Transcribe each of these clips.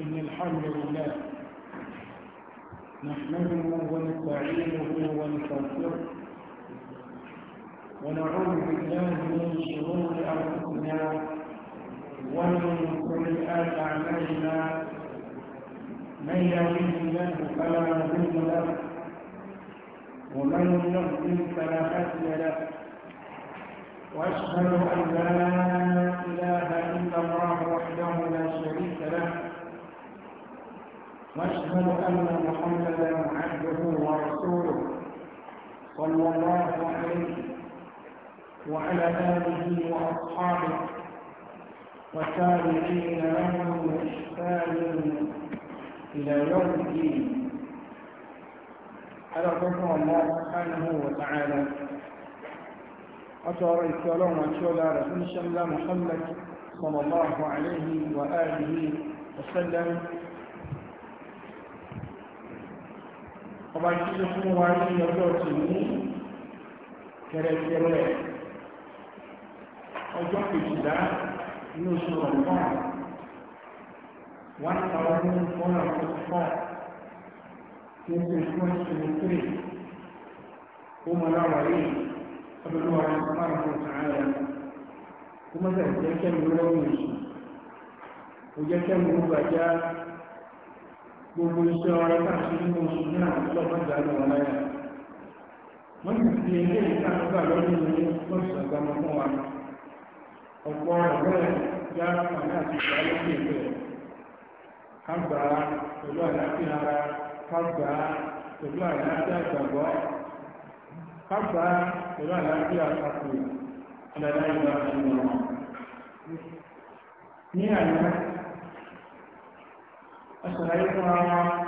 إن الحمد لله نحمده ونستعينه ونستغفره ونعوذ بالله من شرور أنفسنا ومن سيئات أعمالنا من يهده الله فلا مضل له ومن يهده فلا هادي له واشهد ان لا اله الا الله وحده لا واشهد ان محمدا عبده ورسوله صلى الله عليه وعلى اله واصحابه والتابعين لهم باحسان الى يوم الدين على قدر الله سبحانه وتعالى أترى الكلام على رسول الله محمد صلى الله عليه وآله وسلم ọba tí ó fún wa ní ọjọ́ tí ní kẹrẹkẹrẹ ọjọ́ kejìlá ní oṣù ọ̀pọ̀ one thousand four hundred four twenty one twenty three ó mọ lára yìí ọdún wa ní ọmọ ọmọ ààrẹ ó mọ sẹ́yìn jẹ́ kẹ́mi lọ́wọ́ oṣù ó jẹ́ ó gbàjá gbogbo iṣẹ́ ọ̀rẹ́ káàkiri nínú oṣù ndị lọ́gbọ́dà ní wọn ya wọ́n ti fi ilé lọ́dún ní àgbàmọ́ fún wa ọ̀pọ̀ ọ̀rẹ́ yá àmì àti ká gbà á pẹ̀lú ara ká gbà á pẹ̀lú ká gbà á pẹ̀lú àpapọ̀ ọ̀dàdà ìgbà àti ní àṣàlàyé fún ara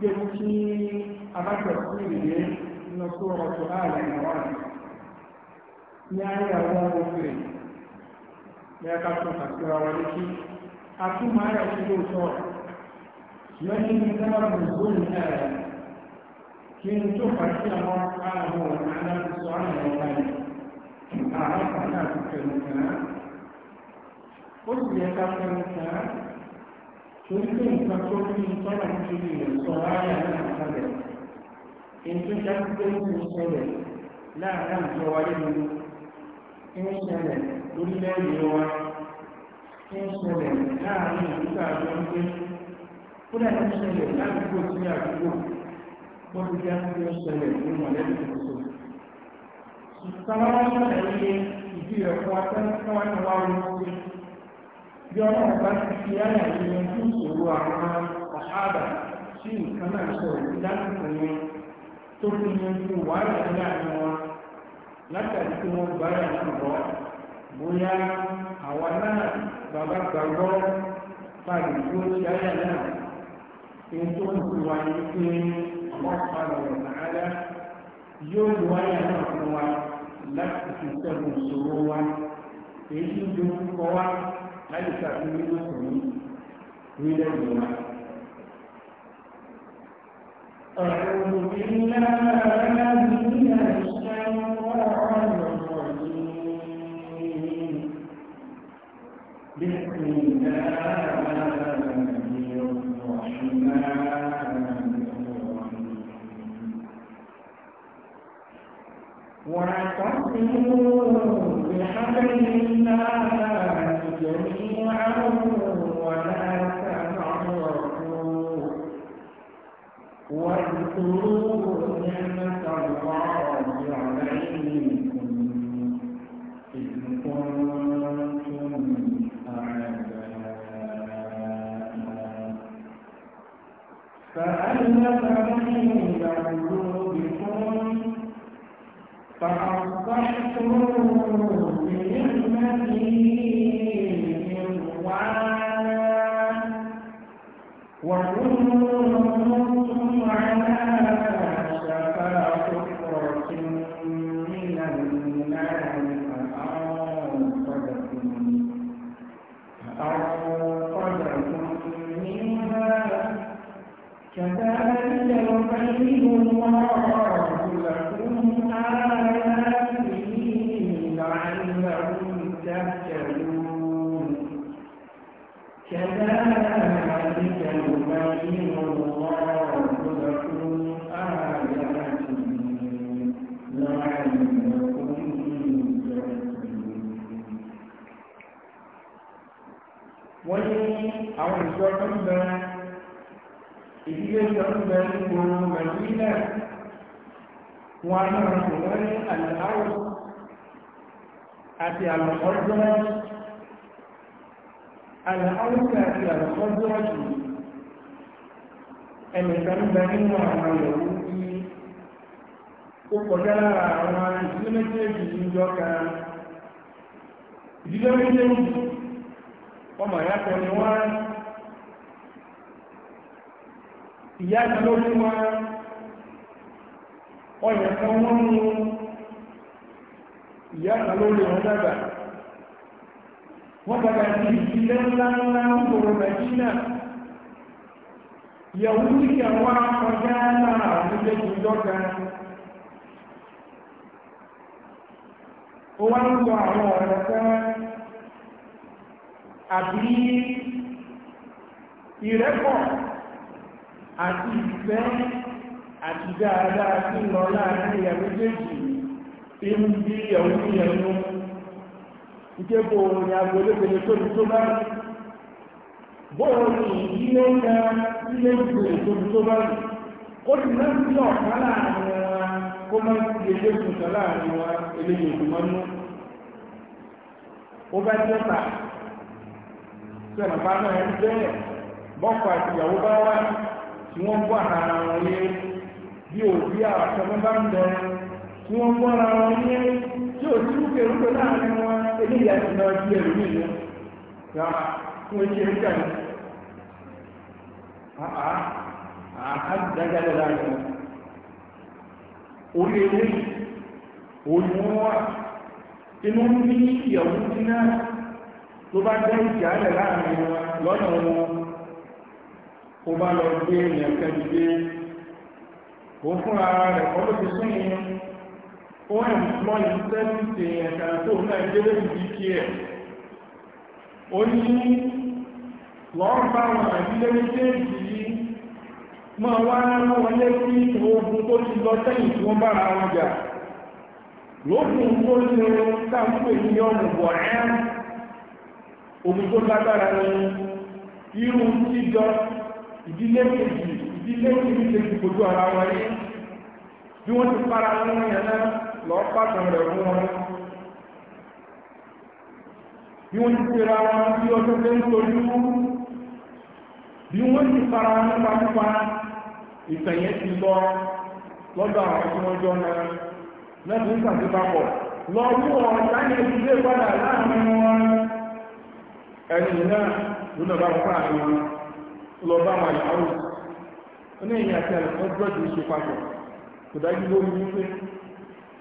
jẹ́ kí abájọ fún ìrìnlẹ̀ lọ sí ọ̀rọ̀ tó láàrin àwọn àti ní ayé àwọn òkèrè ní ẹka tó kàtí ọ̀rọ̀ létí a tún máa yà sí lóòótọ́ lẹ́yìn ní dáàbò lórí ẹ̀rọ kí n tó pàtí àwọn àwọn ọ̀nà aláàbùsọ àwọn ọ̀nà àwọn ọ̀nà àti pẹ̀lú kan ó sì yẹ ká pẹ̀lú kan torí pé nǹkan ti rí rẹ̀ ayà náà kalẹ̀ ètò ìdájúgbé ń ṣẹlẹ̀ láàárín àjọ wáyé lórí ń ṣẹlẹ̀ lórílẹ̀-èdè wa ń ṣẹlẹ̀ láàárín ìdúgbà àjọ ń gbé kódà ń ṣẹlẹ̀ ládùúgbò sí àdúgbò wọ́n ti já sí ọ̀ṣẹlẹ̀ ní mọ̀lẹ́bí tuntun. ìtàwọn ṣẹlẹ̀ yẹ ìdí bí ọlọ́run bá ti fi ayà yìí yanjú ìṣòro àwọn ọ̀háàbà sí nǹkan náà sọ èyí lásìkò wọn tó fi yanjú wàhálà ńlá wọn látàrí tí wọ́n gbá yà náà bọ́ bóyá àwa náà bàbá gbàgbọ́ fàdé tí ó ti ayà náà èyí tó ń fi wá ní pé ọmọ ìpàdé ọ̀rọ̀ nàádá yóò lu ayà náà fún wa láti fi sẹ́gun ìṣòro wa èyí tó ń kọ wa láti ṣàfihàn mùsùlùmí nílẹ̀ ìgbìmọ̀. أعوذ بالله من الشيطان الرجيم بسم الله الرحمن الرحيم واعتصموا بحبل الله جميعا ولا تفرقوا واذكروا نعمة الله عليكم إذ كنتم أعداء فألف فأصبحتم بنعمته إخوانا وكنتم على شفا حفرة من النار فأنقذكم فأنقذكم منها كذلك يبين الله ń bẹ gbogbo mẹ̀lúínà wọn náà kò wọ́n ní àlàáwò àti àlọ́kọ́jọ́ àlàáwò àti àlọ́kọ́jọ́ jù ẹnìkan ń bẹ nínú àwọn ìyàwó ní ó kọjá lára àwọn ìdílé méjèèjì níjọ́ kan ìdílé méjèèjì ọmọ ìyá ni wọ́n ìyá kan ló fún wa ọyàn kan wọ́n mú ìyá kan ló lè wọ́n dàgbà wọ́n dàgbà sí ilé ńlá ńlá ń gbòòrò nàìjíríà ìyàwó ní kẹwàá kọjá náà nílé ìjọ kan ó wá ń sọ àwọn ọ̀rọ̀ kan àbí ìrẹ́pọ̀ àti ìfẹ́ àti dáadáa sí lọ láàrin ìyà méjèèjì inú bí ìyàwó ní ẹnu ìkébo ní agolébele tó ní tó bá bóòrò ní ilé ìyá ilé ìgbèrè tó ní tó bá ó ti náà sí ọ̀ká láàrin wọn kó má sí ilé láàrin eléyìí ó bá jẹ́ sẹ́nà bá náà bẹ́ẹ̀ bọ́kọ̀ àti ìyàwó bá wá tí wọ́n bọ́ ara wọn yé bí òbí àtọ́mọ́ bá ń lọ tí wọ́n bọ́ ara wọn yé tí ò sí rúkè rúkè láàrin wọn eléyà ti lọ sí ẹ̀rù mi lọ ya fún ẹjẹ ń jà ní àá àá dájáde láàrin wọn orí eléyìí òun wọn wà inú ní ìyàwó tí náà tó bá dá ìjà rẹ̀ láàrin wọn lọ́nà wọn ó bá lọ gbé èèyàn kan dìde ó fún ara rẹ̀ kọ́ ló fi sún yín ó ń mọ́ ìsẹ́ǹtì èèyàn kan tó náà délé ìdí kí ẹ̀ ó ní lọ́ọ́ bá wọn àdílé méjèèjì yìí máa wá náà wọn lé sí ogun tó ti lọ sẹ́yìn tí wọ́n bára wọn jà lókùn tó ṣe táàmùpé ní ọmọ bọ̀ ẹ́ tó lágbára ní irú tíjọ ìdílé kejì ìdílé kejì ara wọn yé bí wọ́n ti fara wọn yẹn náà lọ pàtàkì rẹ̀ fún wọn bí wọ́n ti pera wọn bí ọjọ́ tó ń tojú bí wọ́n ti para wọn nípa nípa ti lọ lọ́dọ̀ àwọn tí wọ́n jọ náà padà láàrin wọn náà lọ bá wọn ìyàwó ní ẹ̀yìn àti àlùkò gbọ́dọ̀ ṣe papọ̀ kò dájú lórí wípé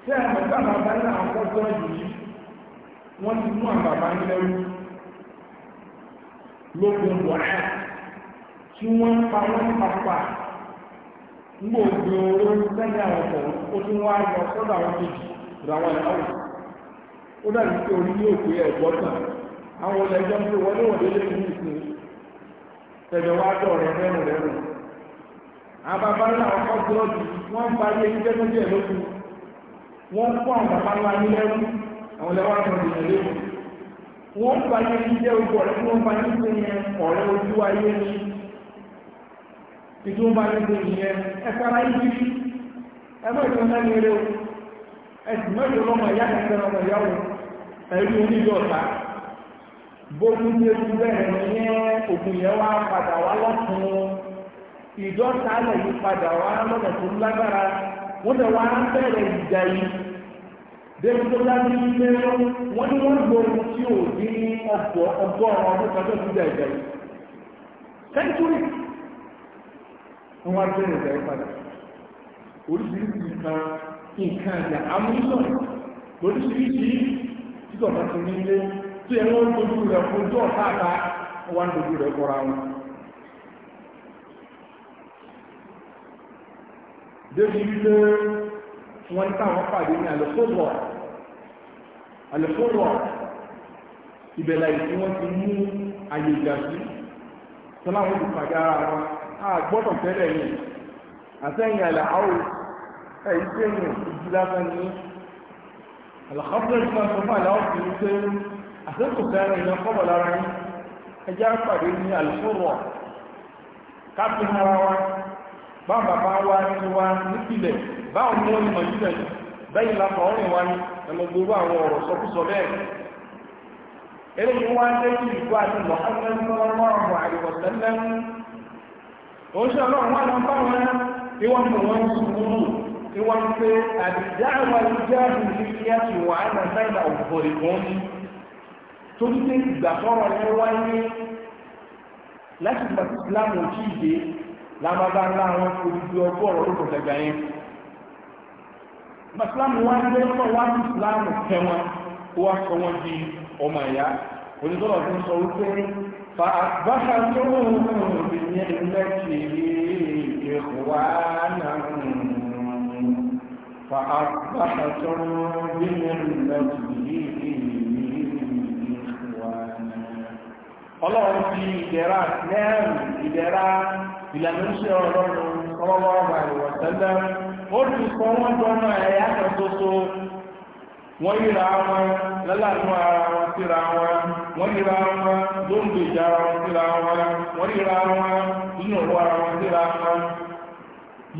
tí àwọn bàbá bá ní àwọn ọjọ́ yìí wọ́n ti mú àwọn bàbá lókun tí wọ́n pa wọ́n ńgbò sẹ́yìn àwọn ọ̀pọ̀ ó tún wá lọ sọ́dọ̀ àwọn kejì ìyàwó ó dàbí pé orí yóò pé àwọn ọ̀lẹ́jọ́ ń pè wọlé tẹ̀lé wá tọ̀ rẹ̀ lẹ́rù lẹ́rù àbàbá ńlá ọkọ̀ búrọ́dì wọ́n ń parí ẹni tẹ́lú díẹ̀ lókù wọ́n ń kó àwọn bàbá ńlá ní lẹ́rù àwọn lẹ́wọ́ àwọn ènìyàn lẹ́rù wọ́n ń parí ẹni jẹ́ ojú ọ̀rẹ́ tí wọ́n bá ní pé yẹn ọ̀rẹ́ ojú ayé ni títí wọ́n bá ní pé yẹn ẹ sára yí bíbí ẹ mọ̀ ìtàn náà ní eré o ẹ sì mọ̀ ìtàn ọmọ ìyá kẹsàn-án ìyá bójú nye bẹ́ẹ̀ nìyẹn ògùn yẹn wá padà wá lọ́tún ìdọ́sálẹ̀ yìí padà wá lọ́nà tó lágbára wọ́n lè wá bẹ̀rẹ̀ ìjà yìí débi lábí ilé wọ́n ní wọ́n lo ohun tí ò ní padà tí ẹ wọ́n dojú rẹ̀ fún tó ọ̀sáàbá wọ́n dojú rẹ̀ kọ́ra wọn débi wípé wọ́n ní táwọn pàdé ní àlẹ́fọ́lọ̀ àlẹ́fọ́lọ̀ ìbẹ̀lẹ̀ ìsìn wọ́n ti mú àyè ìjà sí tọ́láwọn olùpàdé ara wọn àgbọ́dọ̀ tẹ́lẹ̀ yìí àtẹ́yìn àlẹ́ àwọ̀ ẹ̀yí tẹ́yìn ìjìlá fẹ́ ní àlẹ́kọ́fẹ́ ìfẹ́ sọ́fà láwọn fi ń tẹ́yìn A fẹ́ràn ìyẹn kọ́bọ̀ lára yín ẹjá pàdé ní àlùfọ́rọ̀ káfí ara wa bàbá wa ní wa nípìlẹ̀ báwọn mú ní mọ̀jílẹ̀ bẹ́yìn lápá ọ̀rìn wa ní ẹmọgbogbo àwọn ọ̀rọ̀ sọkúsọ bẹ́ẹ̀ eléyìí pé torí pé ìgbà tọrọ yẹn wáyé láti gba islam ojú ìdè lábábá ńlá wọn olùdí ọgọ́rọ̀ ló kọjá yẹn islam wáyé lọ́wọ́ wáyé islam tẹ wọn ó wá sọ wọn di ọmọ ẹ̀yà onídọ́rọ̀ tó ń sọ wípé fa àbáṣà tó ń rìn ìyẹn lẹ́kìí ìwà náà fa àbáṣà tó ń rìn ìyẹn lẹ́kìí ọlọ́run fi ìdẹ̀ra lẹ́rù ìdẹ̀ra ìlànà iṣẹ́ ọlọ́run ọlọ́wọ́ ọgbà ìwọ̀ tẹ́lẹ̀ ó ti sọ wọ́n dọ́nà ẹ̀yà kan ṣoṣo wọ́n yíra wọn lálàánú ara wọn síra wọn wọ́n yíra wọn lóńgbò ìjà ara wọn síra wọn wọ́n yíra wọn nínú òwò ara wọn síra wọn.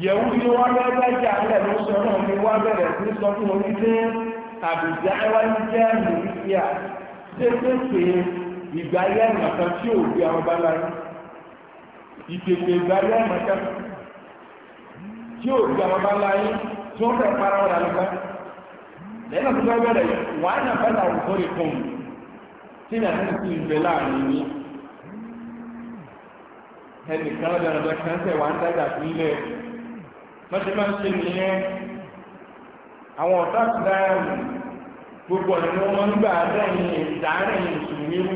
yẹ̀wù ni wọ́n bẹ́ẹ̀ dájà ńlẹ̀ ló sọ náà ni wọ́n bẹ̀rẹ̀ sí sọ fún omi dé àbújá wáyé jẹ́ àmì ìfíà ṣé pé pé ìgbà ayé àmàkà tí ò gbé àwọn bá láyé ìpèsè ìgbà ayé àmàkà tí ò gbé àwọn bá láyé tí wọ́n fẹ́ para wọn lálùkọ́ lẹ́nà tó fẹ́ bẹ̀rẹ̀ wàá nà bá ta òkú rẹ̀ fún mi tí nà ní ti ìgbẹ́ láàrin mi ẹnì kan lọ́dọ̀ lọ́dọ̀ kan tẹ̀ wá ń dájà sí ilẹ̀ mọ́tí máa ń ṣe nìyẹn àwọn ọ̀tá ti dáhùn gbogbo ọ̀nà ni wọ́n ń gbà dẹ́yìn ìdárẹ̀yìn ìṣùnmíwú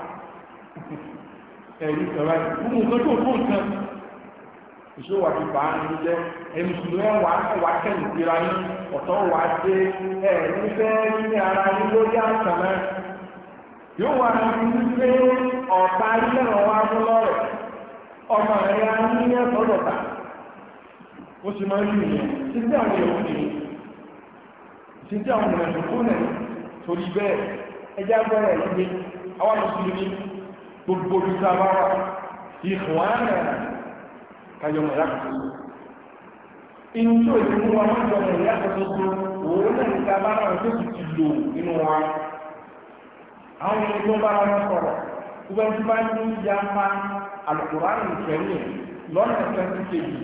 ẹ̀rí kẹrẹ gbogbo nǹkan tó tó nǹkan ìṣòwò àti bàá ní jẹ ẹmùsùlùmí ẹwà ẹwà kẹyìn síra yín ọ̀tọ̀ wà á dé ẹ nífẹ̀ ní ara yín lórí àtàmẹ́ yóò wà ní wípé ọ̀tá ilé rẹ̀ wá mú ọmọ rẹ̀ yá ní ẹ̀sọ́ dọ̀tà ó sì máa ń rí ìyẹn títí àwọn èèyàn ní títí àwọn èèyàn tó kún ẹ̀ torí bẹ́ẹ̀ ẹjá bẹ́ẹ̀ lọ́gbẹ́ àwọn mùsùlùmí gbogbo ìsáwáwà ìfòwánà kayọmọ̀ yàtọ̀ inú tó ìdínú wa máa jọmọ̀ yàtọ̀ tó tó òun náà níta bá náà tó ti ti lò nínú wa àwọn ẹni tó bára wọn sọ̀rọ̀ gbogbo ẹni tó bá ní ya pa alùpùránù ìkẹyìn lọ́nà ẹ̀ka ti kejì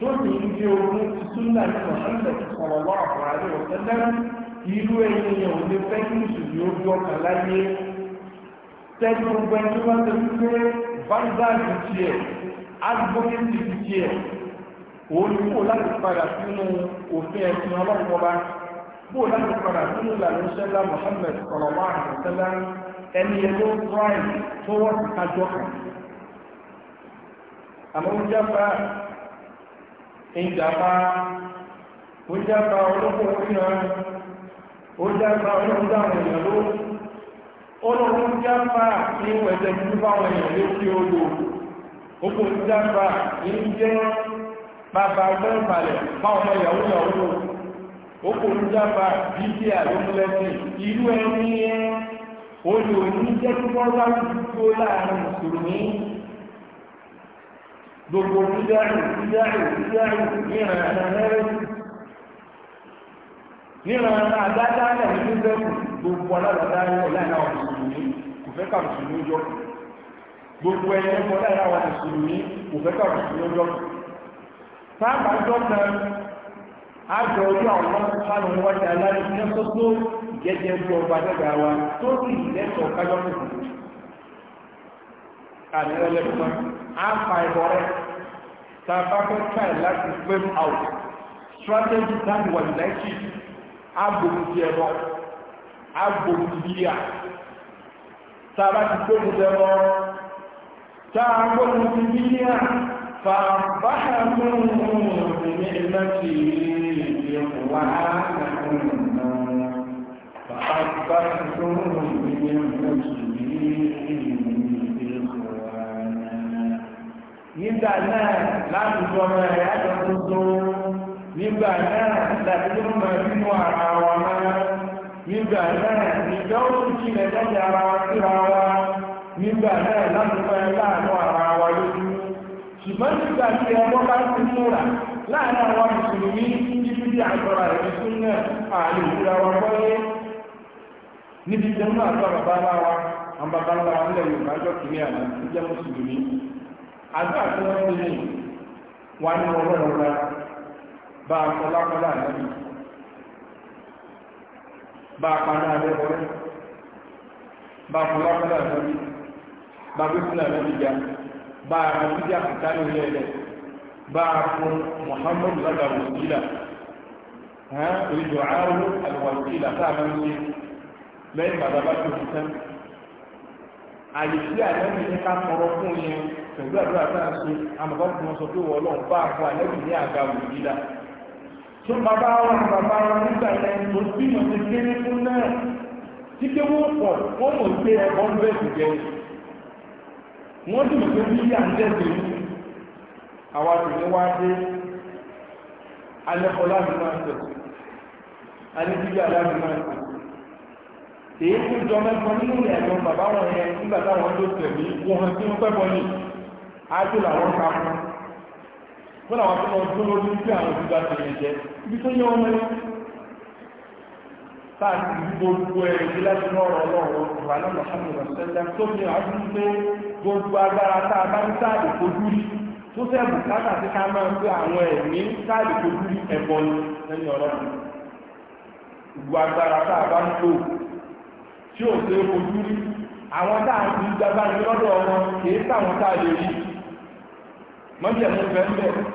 tó ní ibi ogun ti súnà ní ọ̀sánlẹ̀ ti sọ̀rọ̀ wá ọ̀rọ̀ àdéhùn tẹ́lẹ̀ irú ẹni yẹn ò lè fẹ́ kí mùsùlùmí ó bí ọkàn láyé tẹ́lú gbogbo ẹni tó bá ń tẹ́lú pé vanguard ti ẹ̀ advocate ti ti ẹ̀ òun ni kó láti padà sínú òfin ẹ̀sìn ọlọ́pọ̀ba kó láti padà sínú ìlànà ìṣẹ́lá Muhammad àtẹ̀sẹ́lá ẹni ẹgbẹ́ prime tó wọ́n ti kájọ kan àmọ́ ó jábá ìjàmbá ó jábá ọlọ́pọ̀ orí náà ó jábá ọlọ́pọ̀ àwọn èèyàn olóòrùn jáfà ní pẹ̀tẹ̀ tí báwọn èèyàn létí odò oko jáfà ní jẹ́ bàbá gbẹ́ǹbalẹ̀ báwọn ọmọ ìyàwó ìyàwó oko jáfà bíbí àlómúlẹ́sìn ìlú ẹni ẹ olò ní jẹ́ kí wọ́n láti dúró láàrin mùsùlùmí gbogbo dídáàrù dídáàrù dídáàrù níran àdájá náà ní bẹ́ẹ̀kù gbogbo alábàdá ọláìná wa mùsùlùmí kò fẹ́ ká mùsùlùmí jọ gbogbo ẹni ẹ̀kọ́ ọláìná wa mùsùlùmí kò fẹ́ ká mùsùlùmí jọ sáàbà jọ kan àjọ ojú àwọn sánú wájú aláàrí ní ọsọ́tọ́ gẹ́gẹ́ bí ọba tó sì lẹ́tọ̀ kájọ́ out strategy that was like agbòmù ti ẹ̀bọ agbòmù ti bíyà tá a bá ti gbógun ti ẹ̀bọ tá na gbógun ti bíyà fàbáhà fún òmìnir ìlàtí ìyẹ̀kùnwá Bàbá tó ń rí ní ọjọ́ ìrìnlẹ́kọ̀ọ́ náà. Nígbà náà láti nígbà náà láti ló máa bínú ara wa máa nígbà náà nígbà ó tún kílẹ̀ lẹ́yìn ara wa síra wa nígbà náà láti máa láàánú ara wa lójú ṣùgbọ́n nígbà tí ẹgbọ́n bá ti múra láàárín àwọn mùsùlùmí níbi bí àgbọ̀rọ̀ àti súnà àlè ìlú wa gbọ́yé níbi tí wọ́n àtọ́ bàbá ńlá wa àwọn bàbá ńlá wa ńlẹ̀ Yorùbá jọ kìíní àná ti mùsùlùmí àgbà tí wọ́n ti ní wà ní ọlọ́run náà bá a kọlá kọlá àdábì bá a padà àdẹ́bọ̀rẹ́ bá a kọlá kọlá àdábì bá a gbẹ́kùnlá àdábì já bá a kọlá àdábì já kìtá ní ilé ẹ̀lẹ́ bá a fún muhammadu lága wòsílà ìjọ àárò àlùwàsílà ní ká tọrọ fún yẹn pẹ̀lú àdúrà tá a ṣe fún wọn sọ pé lọ́n bá a fún ní àga wòsílà tó bàbá wa bàbá wa nígbà yẹn tó bí mo ti kéré fún náà tí pé wọ́n pọ̀ wọ́n mọ̀ pé ẹ̀kọ́ ń bẹ̀ sí jẹ wọ́n pé bí yà ń jẹ́sẹ̀ àwa sì ní wá dé alẹ́kọ̀ọ́ láti máa ń tẹ̀sí alẹ́bíyà láti máa ń tẹ̀sí èyí tó jọ mẹ́fọ́ nínú ìrìn àjọ bàbá wọn yẹn nígbà táwọn tó tẹ̀lé wọn tí wọ́n pẹ́ bọ́ ní ájú làwọn ká fún wọ́n àwọn tó lọ dún ní pé àwọn ìgbà tó yẹ jẹ́ ibi tó yẹ o mẹ́rin taa a bá ń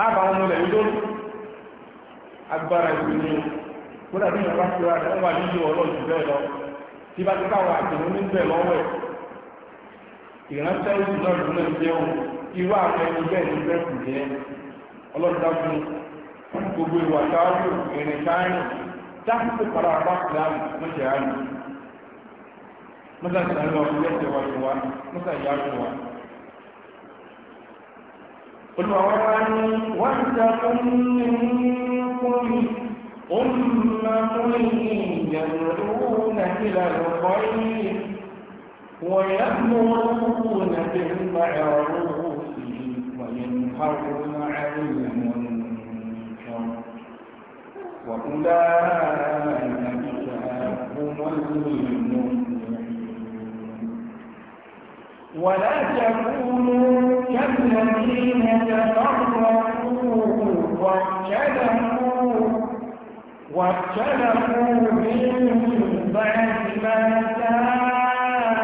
táàbà wọn lẹ̀ yóò agbara agbára ni kódà bí wọn lọ tí bá ti káwọn ní bẹ́ẹ̀ lọ́wọ́ ìrántí ìlú náà lù náà jẹun ní kù fún gbogbo ìwà ìrìn wa قل ولتكن منكم أمة يدعون إلى الخير ويأمرون بالمعروف وينهون عن المنكر وأولئك هم المؤمنون ولا تكونوا كالذين تفرقوا واختلفوا واختلفوا من بعد ما جاءهم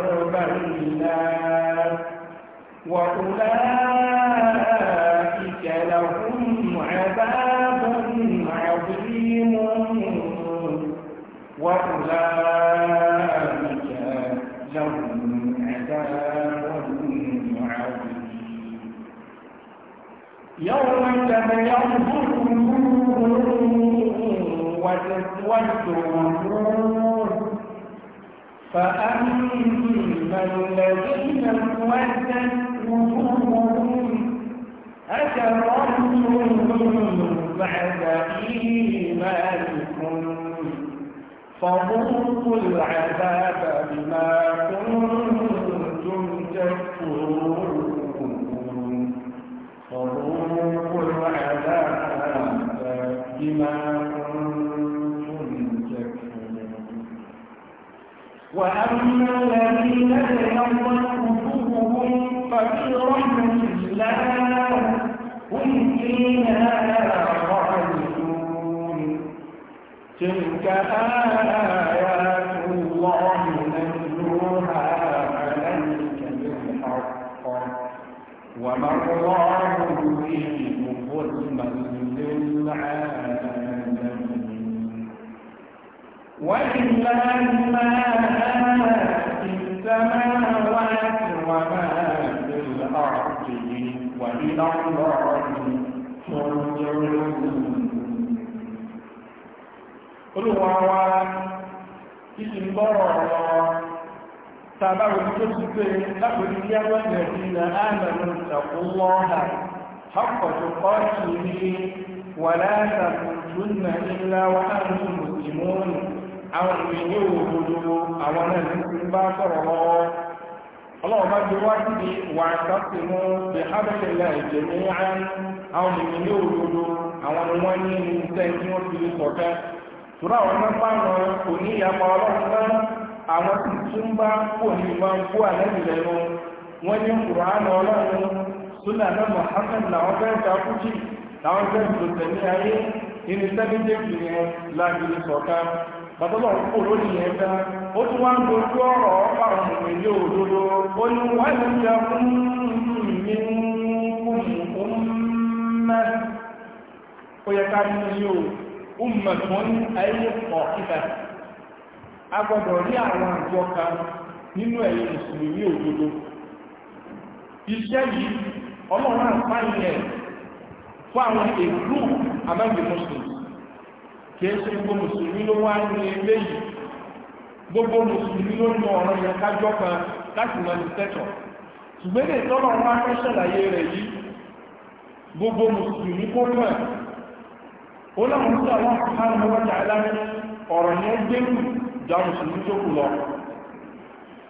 البينات وأولئك لهم عذاب عظيم وأولئك فيرجفكم وتسود وجوه فأما الذين بعد إيمانكم فذوقوا العذاب بما كنتم تكفرون بما كنتم تكفرون وأما الذين تغيرت قلوبهم ففي رحمة الله هم فيها خالدون تلك آيات الله نتلوها عليك بالحق وما الله يريد ظلما للعالمين ولله ما في السماوات وما في الأرض وإلى الله ترجع Olúwa wa kí ti ń bọ́rọ̀ lọ tàbá òní tó ti pé lápòdí kí á wọ́n yẹ̀ sí ilẹ̀ áàmì ìtàkùn lọ́ọ̀dà حق تقاته ولا تموتن إلا وأنتم مسلمون àwọn ènìyàn yóò gbogbo àwọn náà ní ti bá sọ̀rọ̀ lọ́wọ́ ọlọ́ọ̀bá ti wá sí wà sásìmú bí hábẹ́lẹ̀lẹ̀ ìjẹ̀mí án àwọn ènìyàn yóò gbogbo àwọn ni wọ́n ní fi sọ̀kẹ́ tura àwọn mẹ́fà onye ya súnà náà Muhammad làwọn fẹ́ ta kújì làwọn fẹ́ tó tẹ̀lé ayé nínú sẹ́gbẹ́jẹ́ ìyẹn lágbèrè sọ̀kan bàtọ́lọ̀ kò lórí yẹn tán ó tún wá ń dojú ọ̀rọ̀ ọ̀pá ọ̀hún èlé òdodo ó ní wọ́n ti jẹ fún mi kún mẹ́ ó yẹ ká ní ní o ọmọ tó ń ayé pọ̀ a gbọ́dọ̀ rí àwọn àjọ kan nínú ẹ̀yìn ododo. yìí ọlọ́run àǹfààní rẹ̀ fún àwọn èlú àbájọ mùsùlùmí ṣe gbogbo mùsùlùmí ló wá ní gbogbo mùsùlùmí ló mọ ọ̀rọ̀ yẹn kájọ́ kan láti mọ ìtẹ́tọ̀ ṣùgbọ́n lè tọ́lọ̀ wá fẹ́ ṣàlàyé rẹ̀ yìí gbogbo mùsùlùmí kó mọ̀ ó láwọn àwọn ọ̀rọ̀ yẹn mùsùlùmí tó kù lọ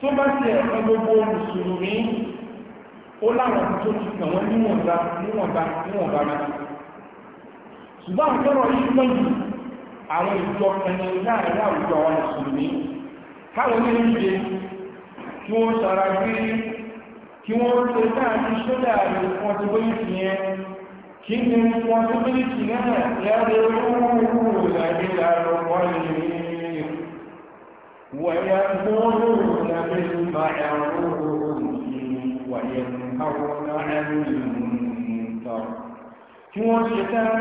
tó bá ti gbogbo mùsùlùmí ó láwọn tó ti kàn wọ́n níwọ̀nba níwọ̀nba níwọ̀nba máa ṣùgbọ́n àwọn tọ́rọ yìí mọ́ yìí àwọn ìjọ ẹni láàrin àwùjọ àwọn mùsùlùmí káwọn ní oúnjẹ kí wọ́n sara gbé kí wọ́n ṣe láàrin sódà rẹ̀ wọ́n ti bóyí sí kí ni wọ́n ti وينهون wọ́n ṣe tán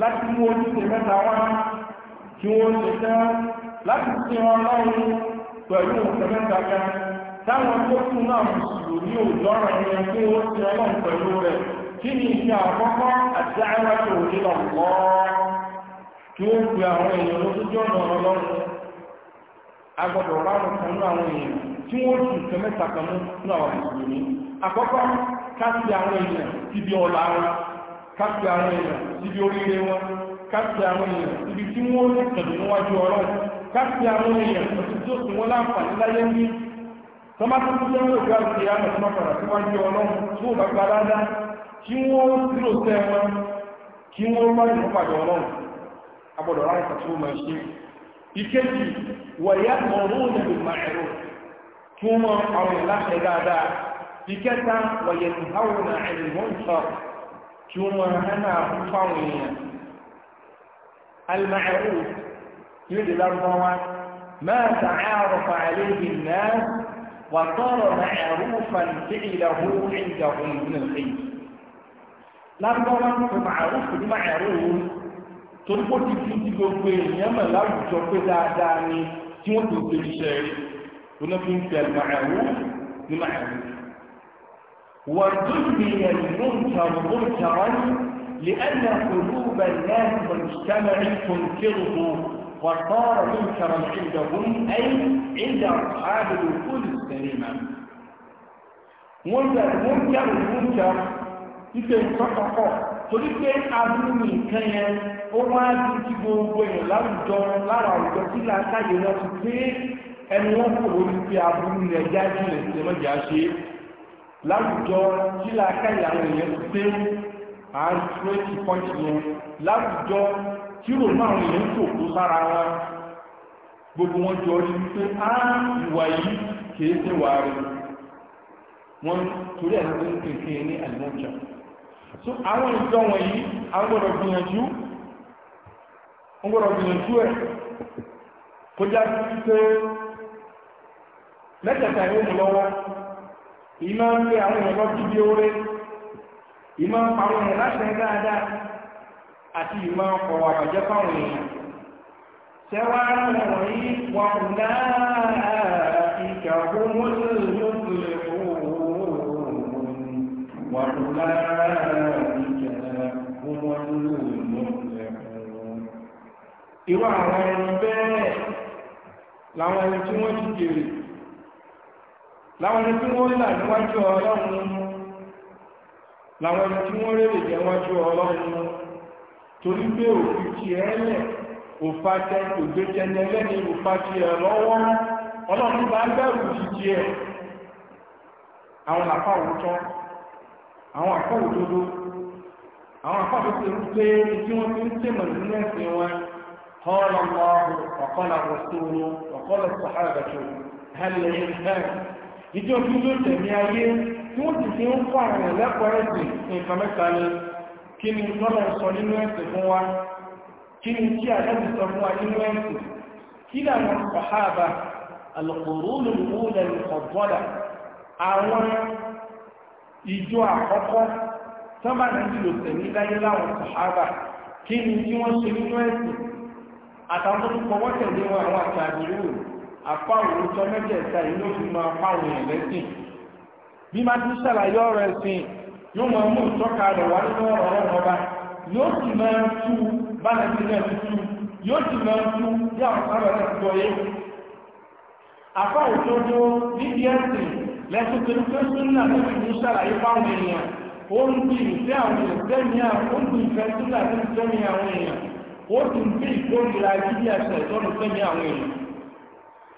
láti mú tó kún ọlọ́run pẹ̀lú rẹ̀ kí àwọn èèyàn tí wọ́n ti nǹkan mẹ́ta kan mú ní àwọn ìgbìmí àkọ́kọ́ káàkiri àwọn èèyàn síbi ọ̀la wọn káàkiri àwọn èèyàn síbi oríire wọn káàkiri àwọn èèyàn síbi tí wọ́n ní tẹ̀lé níwájú ọlọ́run káàkiri àwọn èèyàn ọ̀sùn tó sì láǹfààní láyé ní kí wọ́n mọ àwọn èèyàn láṣẹ dáadáa ìkẹta wọ̀yẹ̀ tí àwọn ọ̀nà ẹ̀rù wọn sọ kí wọ́n mọ hánà fún fáwọn èèyàn alimaẹ̀rù yóò di lárúbáwá máa ta àárọ̀ fà àlejò náà wà tọrọ mẹ̀rù fàǹtì ìlàwó ìjà òun nìkan lárúbáwá tó màrú fún màrú torí pé ó ti fi ti gbogbo èèyàn mọ̀ láwùjọ pé dáadáa ni tí wọ́n ti ń iṣẹ́ rí. ونبي في المعروف بمعروف وتدمي المنكر منكرا لأن قلوب الناس والمجتمع تنكره وصار منكرا عندهم أي عند أصحاب الوصول السليمة wọ́n yà wọ́n yà wọ́n yà ife ìtọ́kọ̀kọ̀ torí pé aburú nìkan yẹn ó wá di ti gbogbo èèyàn láwùjọ lára àwùjọ sílẹ̀ àtàyè wọn ti pé ẹni wọ́n kò lórí pé aburú ni ẹja ìjìnlẹ̀ sí ẹmọ́jà ṣe láwùjọ tí làákàyè àwọn èèyàn ti pé à ń tó èkì pọ́ǹtì yẹn láwùjọ tí rò náà àwọn èèyàn kò kó sára wọn gbogbo wọn jọ rí wípé á ìwà yìí kìí ṣe wà rí wọn torí ẹni tó ń kéèké ní àlùmọ́jà so àwọn ìjọ wọ̀nyí àwọn gbọ́dọ̀ gbìyànjú wọ́n gbọ́dọ̀ gbìyànjú ẹ̀ kó já sí mẹ́tẹ̀ẹ̀ta ìwé mú lọ́wọ́ ìmọ̀ ń pè àwọn èèyàn lọ sí bí oore ìmọ̀ ń pàwọn èèyàn láti ẹ̀ dáadáa àti ìmọ̀ ọ̀wọ̀ àbàjẹ́ fáwọn èèyàn sẹ́wá wọ̀nyí wọn náà ìkàwé mọ́tòlùmọ́tòlù wọn náà ìkàwé mọ́tòlùmọ́tòlù irú àwọn ẹni bẹ́ẹ̀ làwọn ẹni tí wọ́n ti jèrè láwọn ẹni tí wọ́n là níwájú ọlọ́run torí pé òfin ti ẹlẹ́ni ọlọ́run bá àwọn àwọn pé tí wọ́n ń ìjọ tí ló tẹ̀mí ayé tí wọ́n ti fi ń kọ́ àwọn ẹ̀lẹ́kọ̀ọ́ ẹ̀sìn nǹkan mẹ́ta ni kí ni lọ́nà sọ nínú ẹ̀sìn fún wa kí ni kí àdájì sọ fún wa nínú ẹ̀sìn kí làwọn sàhábà alùpùrù lùlù lẹ́nu ọ̀bọ́dà àwọn ìjọ apá òun sọ mẹ́tẹ̀ẹ̀ta yìí ló fi máa pa àwọn èèyàn lẹ́sìn bí máa ti ṣàlàyé ọ̀rọ̀ ẹ̀sìn yóò máa mú ìtọ́ka rẹ̀ wá nínú ọ̀rọ̀ ọ̀rọ̀ ọba yóò sì máa tú bánàtì náà ti tú yóò sì máa tú bí àwọn sábà náà ti gbọ́yé apá òdodo níbi ẹ̀sìn lẹ́sìn tó ń pé súnà ló fi mú ṣàlàyé fáwọn èèyàn ó ń bí ìfẹ́ àwọn ìfẹ́mi àwọn ó ń bí ìfẹ́ súnà ló ń fẹ́mi àwọn èèyàn ó sì ń bí ìkórìíra ìdílé ẹ̀sẹ̀ tó ń àwọn èèyàn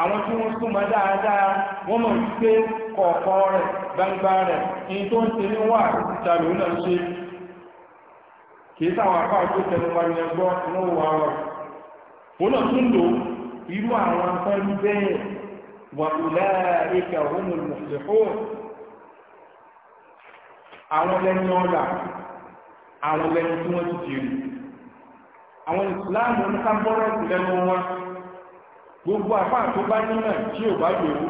àwọn tí wọ́n súnmọ́ dáadáa wọ́n mọ̀ wípé kọ̀ọ̀kọ́ rẹ̀ gbangba rẹ̀ in tó ń ṣe ní wà ìta lòun náà ṣe kìí sáwọn apá tó tẹnu parí ẹgbọ́ inú wa rọ̀ òun náà tún lò irú àwọn afẹ́rú bẹ́ẹ̀ wà ulaika humul muflihun àwọn lẹ́ni ọ̀la àwọn lẹ́ni tí wọ́n ti jèrè àwọn ìsìláàmù ń ká lẹ́nu wọn gbogbo àfáà tó ní náà tí ò bá yòówó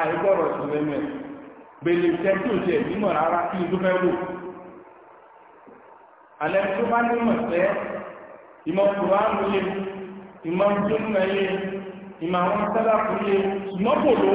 àìgbọ́rọ̀ sí lẹ́nu ẹ̀ bèlè tẹ tí ò tiẹ̀ nímọ̀ rárá kí ló fẹ́ wò alẹ́ tó bá nímọ̀ tẹ́ ìmọ̀ kùránù yé ìmọ̀ yé ìmọ̀ àwọn sẹ́láàpù yé ìmọ̀ bòló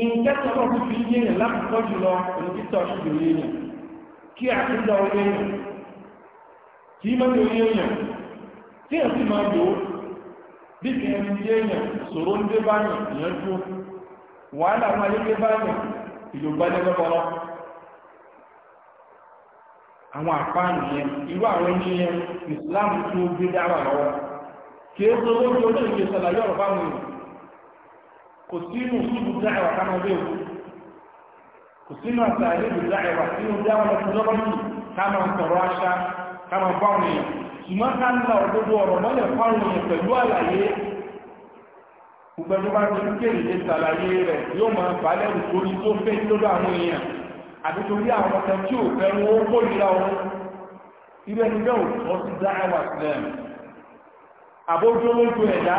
ìkẹ́kọ̀ọ́ náà ti fi yé yẹn lákòókò jùlọ òǹtítọ́ ìdòwò yẹn kí àtúndà owó tí máa lò ó bí yé sòrò ń dé bá dúró wàhálà máa yé dé bá ìlú àwọn irú àwọn ẹni yẹn tó gbé dára lọ́wọ́ tó báwọn kò sínú ìlú dáhẹ̀wà kánà lé o kò sínú àṣà ìlú dáhẹ̀wà sínú dáhùn ọkùnrin lọ́wọ́ yìí kánà sọ̀rọ̀ àṣà kánà báwọn èèyàn ṣùgbọ́n kánà òdodo ọ̀rọ̀ mọ́lẹ̀ fáwọn èèyàn pẹ̀lú àlàyé gbogbo ẹni bá ti ń kéde lé ṣàlàyé rẹ̀ yóò máa balẹ̀ òkúri tó fẹ́ lọ́dọ̀ àwọn èèyàn àti torí àwọn ọ̀sẹ̀ tí ò fẹ́ wọn ó kórìíra wọn irú ẹni bẹ́ẹ̀ ò tọ́ sí dáhẹ̀wà sílẹ̀ àbójú olójú ẹ̀dá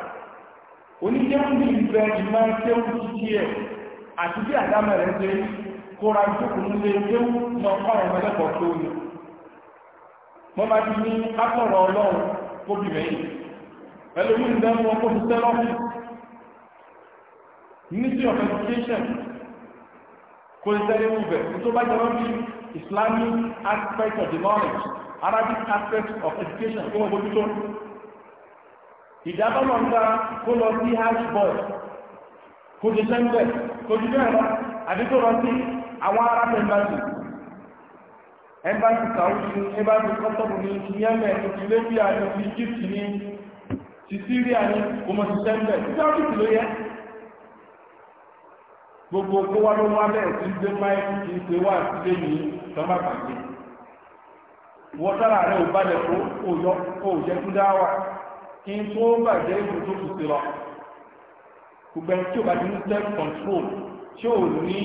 oníjẹun bí ìgbẹ́ ìmọ̀ tẹ́wù títí ẹ̀ àti bí àdámẹ̀ rẹ̀ ṣe kóra ìjókòó lé tẹ́wù mọ ọ̀rọ̀ mẹ́lẹ́kọ̀ọ́ tó ní wọ́n bá ti ní kápọ̀rọ̀ ọlọ́run kó bì mẹ́yìn ẹlòmí ń dẹ́nu wọn kó fi tẹ́ ministry of education kò lè tẹ́lẹ̀ wù bẹ̀ tó bá jẹ́ wọ́n bí islamic aspect of the knowledge arabic aspect of education kó wọ́n bójú ìdábọ́lọ̀ ń dá kó lọ sí hash boy kò jẹ sẹ́ńgbẹ̀ kò jù bẹ́ẹ̀ lọ àbí tó lọ sí àwọn ará mẹ́mbàtì ẹmbàtì sàúdì ẹmbàtì kọ́tọ́bù ní ìyẹ́mẹ̀ ní lébíà ní Egypt ní Syria ní ọmọ sí sẹ́ńgbẹ̀ títí ọ́fíìsì ló yẹ gbogbo kó wá ló wá bẹ́ẹ̀ sí gbé máìkì kì í ṣe wá sílé ní sọ́mà pàdé rẹ̀ ò bá lẹ̀ kó kí n tó bàjẹ́ ìlú tó tù sí lọ gbogbo ẹni tí o bá ti ní self control tí o ní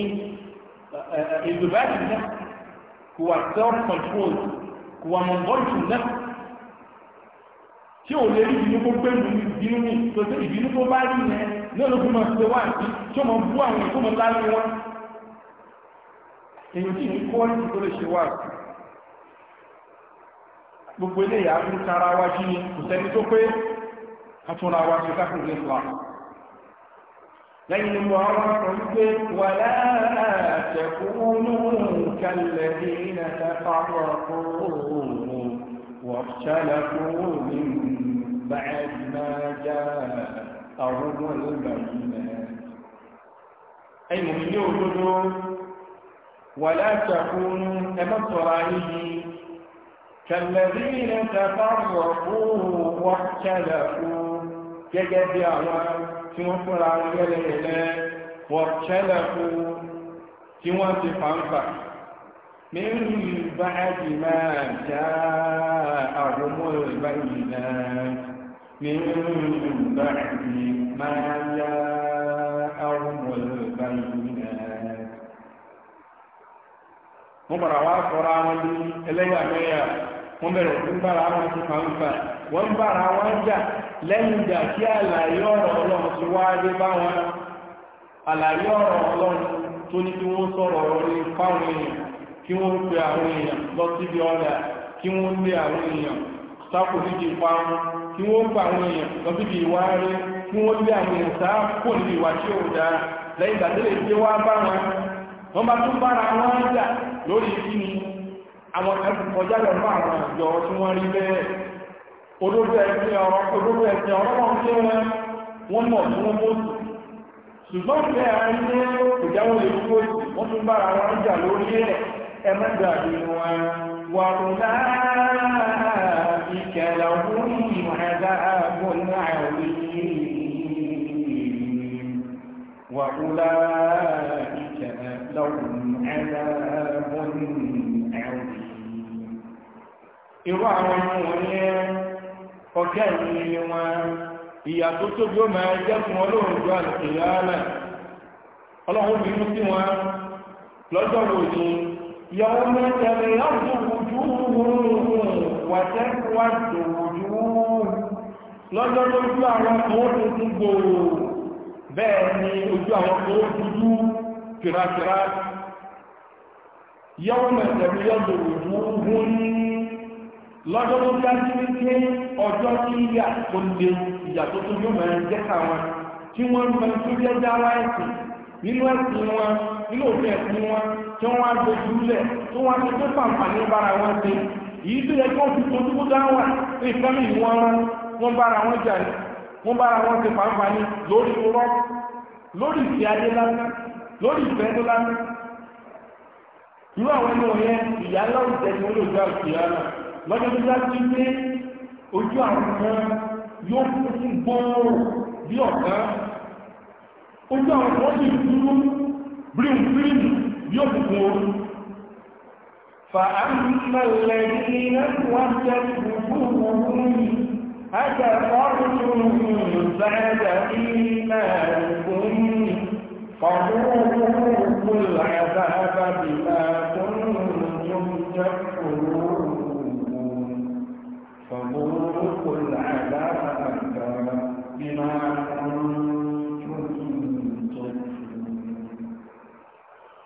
ìlú báyìí náà kò wà self control kò wà mọ̀ngọ́jù náà tí o lè rí ìbínú kó gbé ìlú ìbínú mi tó sí ìbínú tó bá rí yẹn náà ló fi máa ṣe wá àti tí o máa bú àwọn èkó máa láyé wọn èyí tí ìkọ́ ìtòlè ṣe wá àti. gbogbo ilé ìyá fún tara wá jí ni kò sẹ́ni tó pé àtúnra wá sí káfíń ní ìlú lẹ́yìn ni mo ọ́rọ́ ọ̀rọ̀ wípé wà láàtẹ̀kúnú kalẹ̀ ní ìlẹ̀ta pàwọ̀ ọ̀rọ̀ واختلفوا من بعد ما جاءهم كالذين تفرقوا واختلفوا كجد يعلم في وفر عليا الإله واختلفوا في وفر من بعد ما جاءهم البينات من بعد ما جاءهم البينات مبرواه قرآن لي إليه أمير wọ́n bẹ̀rẹ̀ sí ń bára wọn ti wọ́n ń bára wọn jà lẹ́yìn ìjà kí àlàyé ọ̀rọ̀ ọlọ́run ti wá dé bá wọn àlàyé ọ̀rọ̀ ọlọ́run tó ní kí wọ́n sọ̀rọ̀ fáwọn èèyàn kí wọ́n pe àwọn èèyàn lọ síbi ọ̀dà kí wọ́n lé àwọn èèyàn wọn kí wọ́n pa àwọn èèyàn lọ síbi ìwà kí wọ́n lé àwọn èèyàn níbi àwọn kan ti kọjá lọ bá àwọn ìjọ tí wọ́n rí bẹ́ẹ̀ olóògbé ẹ̀sìn ọ̀rọ̀ olóògbé ẹ̀sìn ọ̀rọ̀ wọn tí wọ́n wọ́n mọ̀ tí wọ́n bó sì ṣùgbọ́n pé àárín ní ìjáwó wọ́n tún bára wọn jà lórí ẹ̀ ẹ má wà irú àwọn ọmọ wọn ní ọgá ìlú ni wọn ìyà tó tóbi ó máa jẹ́ fún ọlọ́run ju àlùkò yára ọlọ́run bínú sí wọn lọ́jọ́ wo ni yàwó mẹ́tẹ̀lẹ̀ yàwó ojú oòrùn wàtẹ́kùwàtò ojú lọ́jọ́ lójú àwọn kan ó tún gbòòrò bẹ́ẹ̀ ni ojú àwọn kan ó dúdú kìràkìrà yàwó mẹ́tẹ̀lẹ̀ yàwó ojú oòrùn lọ́jọ́ tó dá sí wípé ọjọ́ tí ìyà tó lè ìyà tó tó yóò máa jẹ́ káwọn tí wọ́n ń bẹ tó jẹ́ dára ẹ̀sìn nínú ẹ̀sìn wọn nínú òfin ẹ̀sìn wọn tí wọ́n á dojú lẹ̀ tó wọ́n á ti tó pàǹpàní bára wọn ṣe èyí tó yẹ kí wọ́n fi tójú kó dá wà ní ìfẹ́mi ìwọ̀n wọn wọ́n bára wọn jà ní wọ́n bára wọn ṣe pàǹpàní lórí rọ́ lórí ìfẹ́ adé lásán lórí ìfẹ́ tó lásán irú àwọn ẹni wọ̀nyẹn ìyá ńlá òjẹ́ ni wọ́n lè gbà òkè yá náà lọ́jọ́ tó dájú pé ojú àwọn kan yóò kún fún gbọ́ọ̀rọ̀ bí ọ̀gá ojú àwọn kan sì dúró bíríun bíríun bí òkùnkùn ooru فأما الذين وجدت وجوههم أكفرتم بعد إيمانكم فذوقوا العذاب بما كنتم تكفرون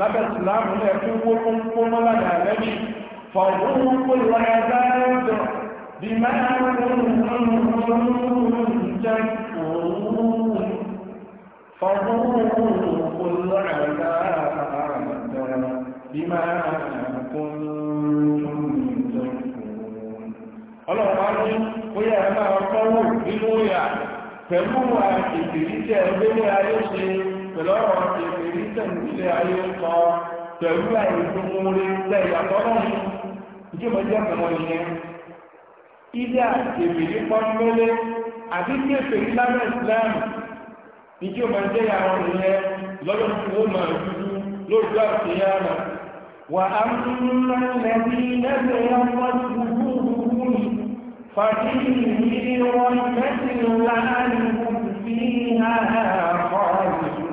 lábẹ́ ìsìláàmù náà fún wókó ń kó mọ́ ládà lẹ́bí fọ̀wọ́n kó lọ ẹ̀dá ẹ̀dọ̀ bí máa ń jẹ́ ní ó yẹ ẹ máa kọ́wọ́ nínú ìyà pẹ̀lú àti ìrìjẹ́ ẹgbẹ́lẹ́ ayé ṣe pẹ̀lú ọ̀rọ̀ ìpè ní tẹ̀lú ilé ayé ń kọ pẹ̀lú àìdúnmúre tẹ̀ ìyàtọ̀ náà ìjọba jẹ́ ọ̀pọ̀lọpọ̀ ìyẹn. ilé àtẹ̀mí ní pọ́nmẹ́lẹ́ àti tí èpè ní lábẹ́ ìsìlámù ìjọba jẹ́ àwọn ìyẹn lọ́dọ̀ tí ó máa dúdú lójú àtìyára. wà á mú lẹ́bí lẹ́bẹ̀ yẹn wọ́n فَإِنِّي رَحْمَةٍ لَّعَلِمُ فِيهَا خَالِدٌ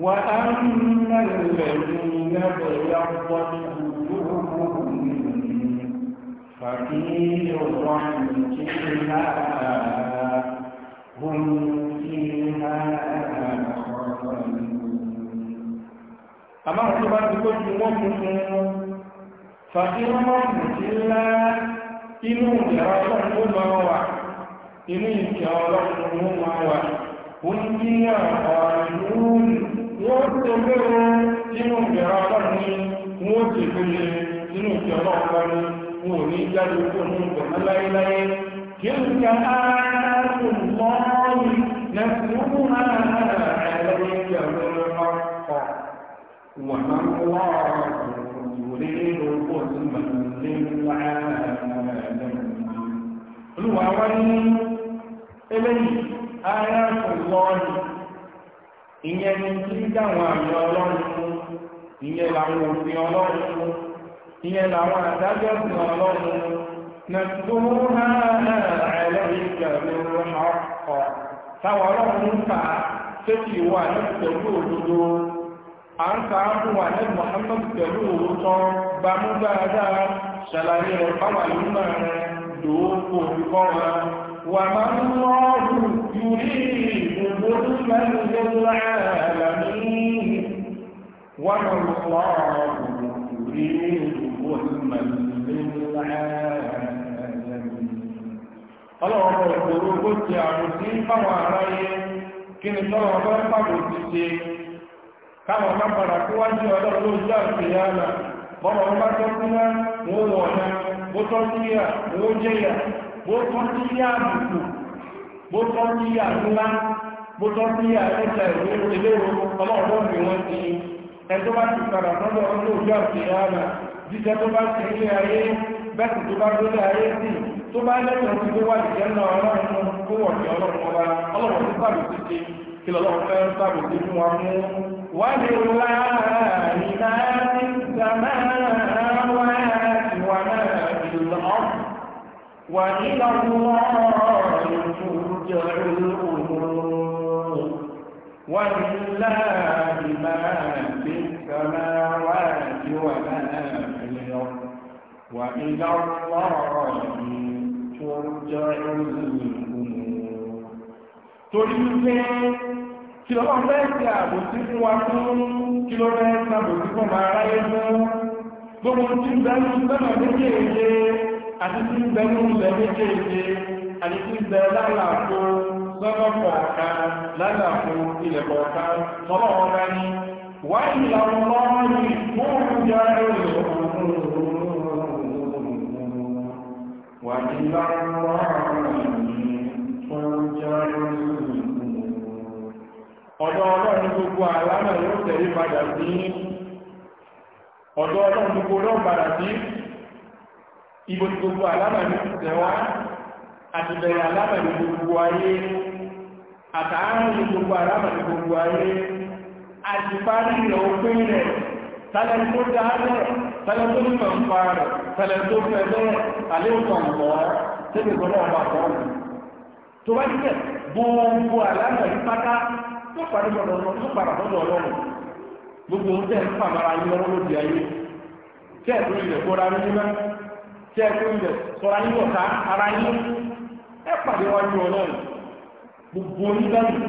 وأما الذين ابيضت وجوههم ففي رحمة الله هم فيها Àmáhùn tó bá ti kó ti wọ́n fún fún wọn, fàtíwọ́n ti lá inú ìyàrá ọlọ́run ó máa wà, inú ìkẹ̀ ọlọ́run ó máa wà, ó ń bí àwọn ọ̀rọ̀ wọ́n tẹ mẹ́rọ nínú ìbẹ̀rẹ̀ ọlọ́run ní wọ́n ti gbélé nínú ìbẹ̀rẹ̀ ọlọ́run ní wọ́n ní jáde kó ní ìbẹ̀rẹ̀ láéláé kí n ka áàrùn mọ́ọ̀lì na fún ومن الله يريد ظلما للعالمين الوعي إليه آيات الله ìyẹn ni tí dáwọn àmì ọlọ́run fún ìyẹn làwọn òfin ọlọ́run fún ìyẹn làwọn àdájọ́ sí ọlọ́run fún nàtúwọ́nà ẹlẹ́yìnkà lórí ọkọ̀ táwọn ọlọ́run ń ta sétí wà ní pẹ̀lú òdodo à ń ta fún wa ní Muhammad pẹ̀lú òótọ́ gbàmúgbà ṣàlàyé rẹ̀ fáwọn àlùmọ̀ rẹ̀ dòó kò fi kọ́ wọn. وما الله يريد ظلما للعالمين وما الله يريد ظلما للعالمين ọlọ́wọ́ ìgbòrò ó ti àrùn sí fáwọn aráyé kí ni tọ́wọ́ ọgbọ́n pàbò ti ṣe káwọn má padà kúwájú ọlọ́run ló jẹ́ àṣeyá náà bọ́mọ̀ ọmọ bá tọ́ sí náà wọ́n wọ̀ náà bó tọ́ sí yà wọ́n jẹ́ yà bó tán sí yá àbùkù bó tán sí yá àdúrà bó tán sí yá ẹ̀ẹ́sà ìlú eléwo ọlọ́ọ̀dọ́ mi wọ́n ti ẹjọ́ bá ti padà sọ́dọ̀ ọdún òjò àti ìyára jíjẹ tó bá ti ilé ayé bẹ́ẹ̀ tó bá lórí ayé sí tó bá lẹ́yìn tí ó wà ìjẹ́ náà ọlọ́run kó wọ̀ ní ọlọ́run ọba ọlọ́run tó sàbò sí ti kí lọ́lọ́run fẹ́ sàbò sí fún wa mú wà ní ọlá ìlà ìsàmáà وإلى الله ترجع الأمور ولله ما في السماوات وما في الأرض وإلى الله ترجع الأمور ترجع kí ló máa fẹ́ ṣe àbòsí fún wa fún kí ló fẹ́ ṣe àbòsí fún ọmọ aráyé fún gbogbo tí ń bẹ́ẹ̀ ń bẹ́ẹ̀ méjèèjì àti tí ń bẹ nínú ilẹ̀ méjèèjì àti tí ń bẹ lálàfo lọ́lọ́pọ̀ ọ̀ka lálàfo ilẹ̀pọ̀ ọ̀ka tọ́lọ̀ ọ̀ka ni wáyé ìlànà lọ́rùn ìfúnrù yára ìlẹ̀ wàyí ìlànà lọ́rùn ìfúnrù yára ìlẹ̀ ọ̀dọ̀ ọlọ́run gbogbo àlámẹ̀ yóò tẹ̀lé padà sí ọ̀dọ̀ ọlọ́run gbogbo lọ́ọ̀ padà sí ibo ni gbogbo àlámà ní ìtẹ̀wá àti bẹ̀rẹ̀ àlámà ní gbogbo ayé àtàárín ní gbogbo àlámà ní gbogbo ayé àti parí rẹ̀ òpin rẹ̀ tálẹ̀ tó dáadẹ̀ tálẹ̀ tó ní mọ̀ǹpa rẹ̀ tálẹ̀ tó fẹ́lẹ̀ àlékọ̀ǹkọ̀ tẹ́lẹ̀ gbọ́dọ̀ ọba kan tó bá jẹ́ gbogbo àlámà ní pátá tó parí gbọ́dọ̀ tó padà tọ́jọ́ ọlọ́run gbogbo ń tẹ̀ ń pàmàrà yín lọ́wọ́ lóde ayé tẹ́ẹ̀ tó ilẹ̀ kóra ní mímọ́ tí ẹ fún ara yín ẹ pàdé wá ju ọlọ́run gbogbo onígbàgbọ́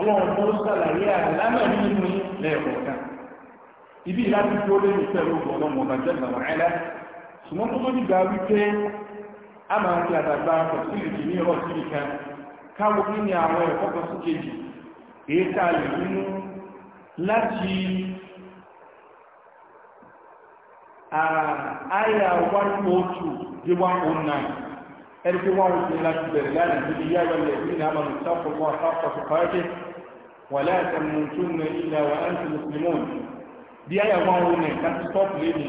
ọlọ́run tó sàlàyé àlámà ní inú ibi ìlànà tí lé ní pẹ̀lú ọgbọ̀n ọlọ́run ọba jẹ́ ìgbà tó wípé a máa fi àdàgbà ọ̀rọ̀ kan káwọ́ kí ni àwọn ẹ̀kọ́ kan àyà 102 dé 109 ẹni pé wọ́n rúkú láti bẹ̀rẹ̀ láti bí i yára lẹ̀ ní àmà ìsáfọ̀ wọn àsáfọ̀ tó fàájẹ́ wà láti mùtún ní ilẹ̀ wà láti mùsùlùmùn bí àyà 109 láti stop lẹ́ni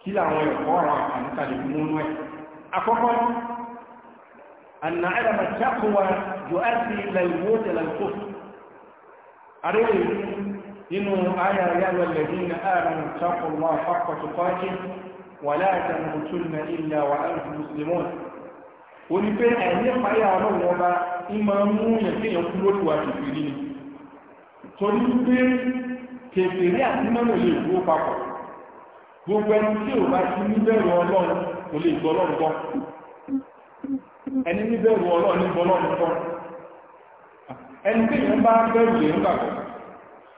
kí làwọn ẹ̀kọ́ àwọn àǹfààní kàlẹ̀ múnú ẹ̀ àkọ́kọ́ أن علم التقوى يؤدي إلى الموت إلى الكفر أروي inu ayà yàwó lẹ́bí na ààrùn takùnwà fàkọ̀tù kọ́kí wà mutum na ilẹ̀ wà áàrùn musulmùn o ní pé ẹ̀yẹ ọba ìmọ̀ mú yẹ̀kẹ́yàn kú lórí wà kèfèrí ni torí pé kèfèrí àti mọ́nà lè dúró papọ̀ gbogbo ẹni tí ti níbẹ̀rù ọlọrọ kò lè ẹni ní ẹni tí bá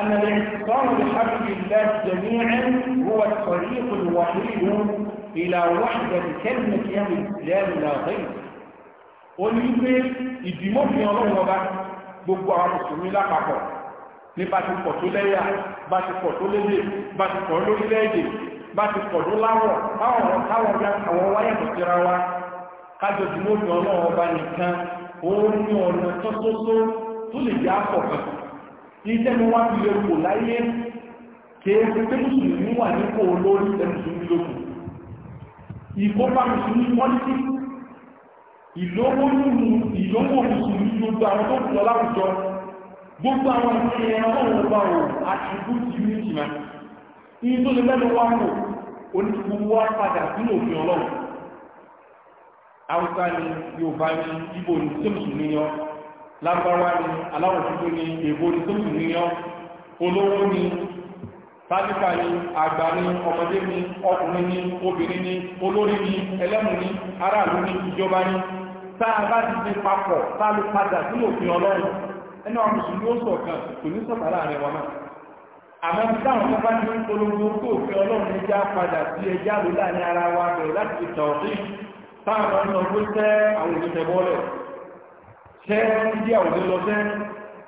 أن الاعتصام بحبل الله جميعا هو الطريق الوحيد إلى وحدة كلمة أهل الإسلام لا غير ó ní pé ìdìmọ́ fi ọlọ́run ọba gbogbo àwọn mùsùlùmí lápapọ̀ ní bá ti pọ̀ tó lẹ́yà bá ti pọ̀ tó lédè bá ti pọ̀ lórílẹ̀-èdè bá ti pọ̀ tó láwọ̀ táwọn ọ̀rọ̀ táwọn ọ̀gá àwọn wáyà tó tira wa kájọ ìdìmọ́ fi ọlọ́run ọba nìkan ó ní ọ̀nà tó tó tó tó lè jẹ́ àpọ̀ kan iṣẹ́ mi wá fi lè kò láyé kéèké pé mùsùlùmí wà ní kò lórí ẹmùsùlùmí lókù ìkópa mùsùlùmí pọ́lítì ìlówó nínú ìlówó mùsùlùmí gbogbo àwọn tó kù láwùjọ gbogbo àwọn ìṣẹ̀lẹ̀ ọlọ́run bá wò àtìkú ti ní ìjìnà ní tó lè mẹ́nu wá kò oníkùú wá padà sínú òfin ọlọ́run haúsá ni yorùbá ni ibo ni tí mùsùlùmí ni ọ lágbára ni aláwọ̀ tuntun ni èbó ni tó sì níyàn olówó ni tálíkà ni àgbà ni ọmọdé ni ọkùnrin ni obìnrin ni olórí ni ẹlẹ́mù ni aráàlú ni ìjọba ni táà bá ti fi papọ̀ táàlù padà sí òfin ọlọ́run ẹni ọmọ mùsùlùmí ó sọ̀kan kò ní sọ̀tà láàrin wa náà àmọ́ tí táwọn tó bá ní polongo tó òfin ọlọ́run ní já padà sí ẹjá ló láàrin ara wa bẹ̀rẹ̀ láti ìtàn ọ̀sìn táwọn ọmọ ọgbẹ́ tẹ́ àwọn òṣìṣẹ́ tẹ́ india ò ní lọ bẹ́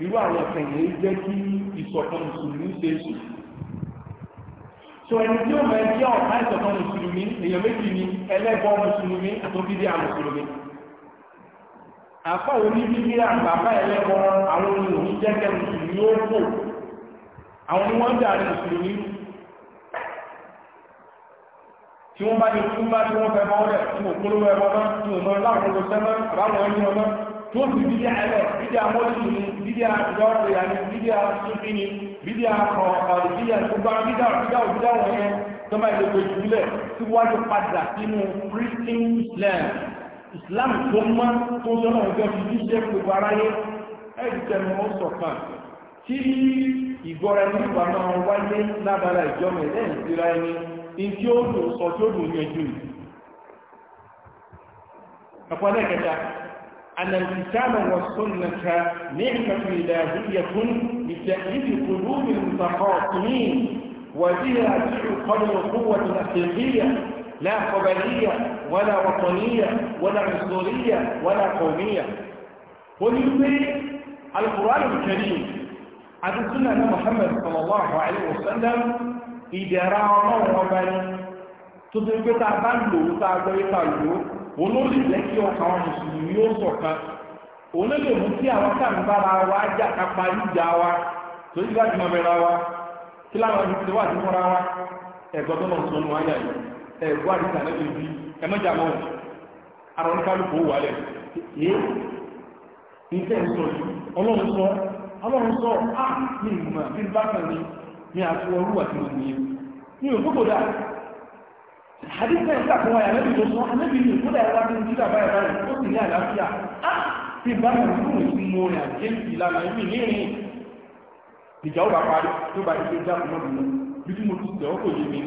irú àwọn ẹ̀kẹ̀yìn jẹ́ kí ìṣọ̀kan mùsùlùmí ṣe é sùn so ẹni tí ó mọ ẹjẹ́ ọ̀tá ìṣọ̀kan mùsùlùmí èèyàn méjì ni ẹlẹ́gbọ́ mùsùlùmí àtòbídíà mùsùlùmí àpá oníbíbíà bàbá ẹlẹ́gbọ́ àwọn ohun òní jẹ́kẹ́ mùsùlùmí ó pò àwọn ni wọ́n dà ní mùsùlùmí tí wọ́n bá ní túmbá tí wọ́n fẹ́ mọ́ rẹ̀ tí wọ́n polówó ẹ̀rọ mọ́ tí wọ́n mọ́ láwọn olùsẹ́mọ́ àbáwọn ẹni ọmọ tó fi bídíà ẹlẹ̀ bídíà mọ́lìdì ni bídíà ìdọ́rọ̀yà ni bídíà sífì ni bídíà ọ̀rọ̀ bídíà gbogbo àwọn bídíà bídíà òbídà wọn yẹn tó máa lè gbé jùlẹ̀ tí wájú padà sínú christian islam islam tó mọ́ tó sọ́nà ọjọ́ fi jíṣẹ́ gbogbo aráyé ẹ̀ẹ́dìtẹ̀nu ó sọ̀kan tí ìgbọ́ra ẹni ìgbà náà wáyé lábára ìjọmọ̀ ẹ̀dẹ́ ìsira ẹni in tí ó dùn sọ tí ó dùn yẹn jù ní ọ̀pọ̀lẹ́kẹta أن الكتاب والسنة نعمة إلهية لتأليف قلوب المتخاصمين وبها تعقل القوة أخلاقية لا قبلية ولا وطنية ولا عنصرية ولا قومية ولذلك القرآن الكريم عن سنة محمد صلى الله عليه وسلم رأى مرة تضيف تعبان له تعبان له olórí lẹ́kí ọkà wọn mùsùlùmí yóò ṣọ̀kan olóòlè mú kí àwọn sáàmùbára wa jà ká ìjà wa torí bá jùmọ̀ mẹ́ra wa kí láwọn tí wà ní mọ́ra wa ẹ̀gbọ́n tó náà sọnù wáyà yìí ẹ̀gbọ́n àdìsá náà lè bí ẹ̀mẹ́jà mọ́ ara wọn kálukú wà lẹ̀ ẹ̀ ní ń sọ yìí ọlọ́run sọ ọlọ́run sọ á ah, mi ìmọ̀ hadith na sàkó wa yàrá ìlú sọ anábì ní ìkúdà ẹ̀rọ ní ìdílé àbáyé báyìí ó sì ní àlàáfíà á ti bá fún àjẹ́ ìlànà ìjà ó bá parí tó bá ìgbé fún ọdún bí tí mo ti tẹ̀ ọ́ kò mi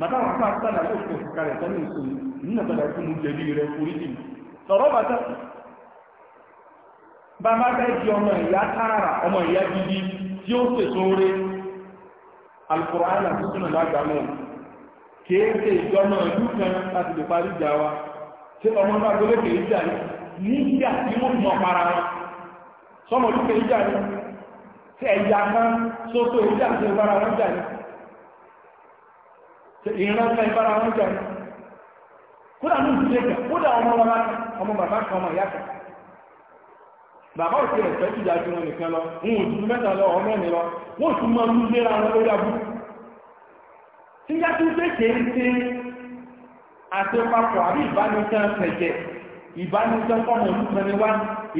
màtá fún àtúntà náà yóò fẹ́ rẹ̀ sẹ́nu ìsòyí nínú ìgbàlá fún mi jẹ̀bi rẹ̀ orí jì sọ̀rọ̀ bàtà bàbá fẹ́ di ọmọ ìyá tààrà ọmọ kéèké ìjọmọ̀ ìlú kan láti lè parí ìjà wa tí ọmọ náà tó lékè ìjà ní ìjà tí wọ́n mọ̀ para wọn sọmọ ìlú ìjà ni kan ìjà ìbára wọn jà ni ìbára wọn jà ni kódà ní ìdílé kan kódà ọmọ ọmọ bàbá kan ọmọ ìyá kan bàbá òkè ẹ̀fẹ́ ìjà wọn nìkan lọ mẹ́ta lọ ọmọ ẹ̀mí tí yàtú pé kèé ṣe àtẹpapọ̀ àbí ìbánisán pẹ̀jẹ̀ ìbánisán fọ́mọ̀ olùkọ́ni wá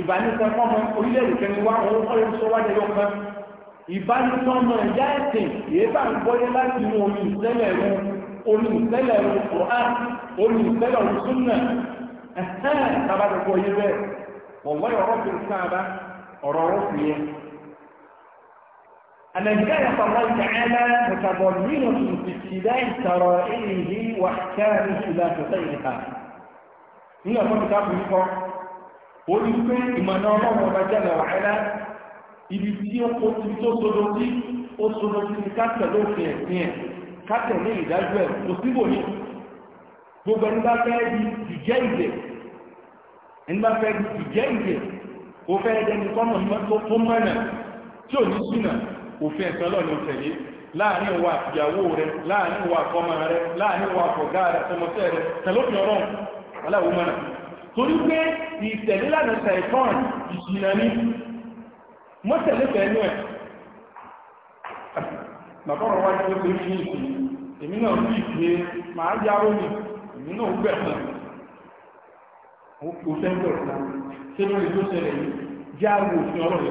ìbánisán fọ́mọ̀ orílẹ̀-èdè kẹni wá òun kọ́lé sọ wáyé lọ́kàn ìbánisán mọ̀ ẹ̀yà ẹ̀sìn èyí bá ń gbọ́yé láti mú omi ìṣẹ̀lẹ̀ ru omi ìṣẹ̀lẹ̀ ru Qur'an omi ìṣẹ̀lẹ̀ ru súnà ẹ̀hẹ́n tábàdàgbọ́ yé bẹ́ẹ̀ wọ́n wáyé ọ̀rọ̀ fi sáà bá ọ̀rọ̀ ọ̀rọ̀ fi yẹn الأنبياء الله تعالى متضمنة في ابتداء شرائعه وأحكامه إلى تطيرها هنا فقط أقول olùgbé ìmọ̀nà ọlọ́run ọba jẹ́lẹ̀ wàhálà ibi tí ó kó ti tó sọ́dọ̀ sí ó sọ́dọ̀ sí ní káàkiri lófin ẹ̀sìn ẹ̀ káàkiri ní ìdájọ́ ẹ̀ kò síbò ní gbogbo ẹni bá fẹ́ di ìjẹ́ ìjẹ́ ẹni bá fẹ́ di ìjẹ́ ìjẹ́ kò fẹ́ ẹni tọ́nà tó mọ́nà tí ò ní sínà òfin ẹ̀sẹ̀ ọlọ́run tẹ̀lé láàrin ìwà ìyàwó rẹ láàrin ìwà ọmọ rẹ láàrin ìwà rẹ ọmọọṣẹ́ rẹ tẹ̀lófin ọlọ́run aláwo torí pé ìtẹ̀lé lánàá ṣàìtàn ìṣìnà ní mọ́tẹ̀lé pẹ̀lú tó ṣẹlẹ̀ yìí òfin lórí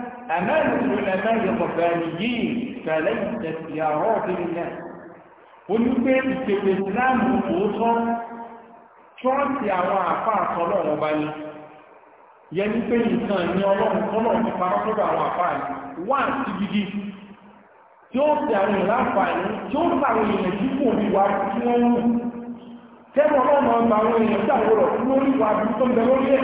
أمانة العلماء الربانيين فليست لأعراض الناس onígbé ìpèpè ìsìláàmù òótọ́ tọ́ọ̀tì àwọn àfá àtọ́lọ́wọ́ bá ní yẹ ní pé nǹkan ní ọlọ́run tọ́lọ̀ ti pa lọ́dọ̀ àwọn àfá yìí wà sí gidi tí ó ti àwọn ìlànfààní tí ó sàwọn èèyàn tí kò rí wa tí wọ́n wù tẹ́lọ̀ ọlọ́run ọgbà àwọn èèyàn tí àwọn ọ̀rọ̀ lórí wa tó ń bẹ lórí ẹ̀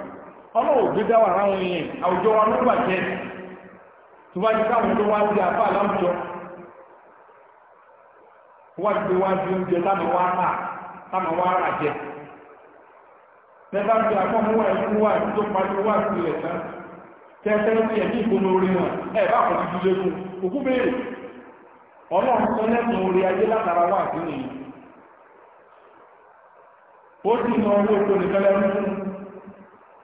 ọlọ́wọ́ gbé dáwà ráwọn èèyàn àwùjọ wa ló bàjẹ́ tó bá ti káwọn tó wá sí àbá wá wá sí oúnjẹ táwọn wá rà táwọn wá rà jẹ lẹ́bàá ti àkọ́mú wà ní wà tó parí wà sí tán orí wọn bá lé fún òkú béèrè orí ayé látara sí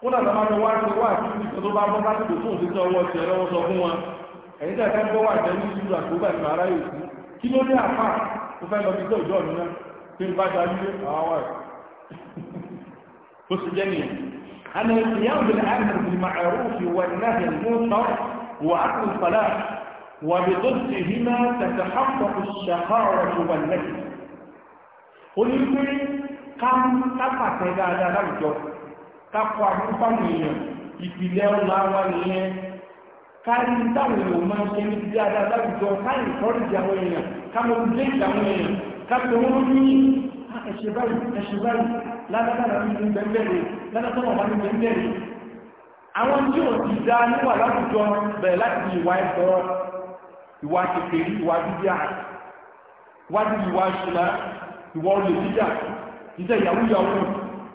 fún àtàwọn ọmọ wa ti wá àti ìgbà tó bá bọ́ bá tìbò fún òṣìṣẹ́ ọwọ́ ti ẹ̀rọ sọ fún wọn ẹ̀yìn tí a fẹ́ gbọ́ wà jẹ́ ní ìlú àkóbá ìgbà ara yìí sí kí ló dé àpá tó fẹ́ lọ bíjọ́ ìjọ mi náà tí n bá da nílé àwọn wà tó sì jẹ́ nìyẹn أن القيام بالأمر بالمعروف والنهي المنكر وعقل الصلاة وبضدهما تتحقق الشقاوة والنجم. قل يقول كم تفعل هذا الجو kápọ̀ àgbúfàmù èèyàn ìpìlẹ̀ ọ̀nà àwọn nìyẹn kárí táwọn èèyàn máa ń ṣe ní ti dáadáa láwùjọ káyì kọ́rìjì àwọn èèyàn kámọ́ ilé ìjà àwọn èèyàn kápẹ́ wọn ló ní ẹ̀ṣẹ̀ báyìí ẹ̀ṣẹ̀ báyìí ládàtàrà ní bẹ̀rẹ̀ ládàtàrà wà ní bẹ̀rẹ̀ àwọn tí ò ti dá níwà láwùjọ bẹ̀rẹ̀ láti ìwà ẹ̀kọ́ ìwà kékeré ìwà bíbí àti wájú ìwà ìṣúná ìwà olè jíjà ìjẹ ìyàwó ìyàwó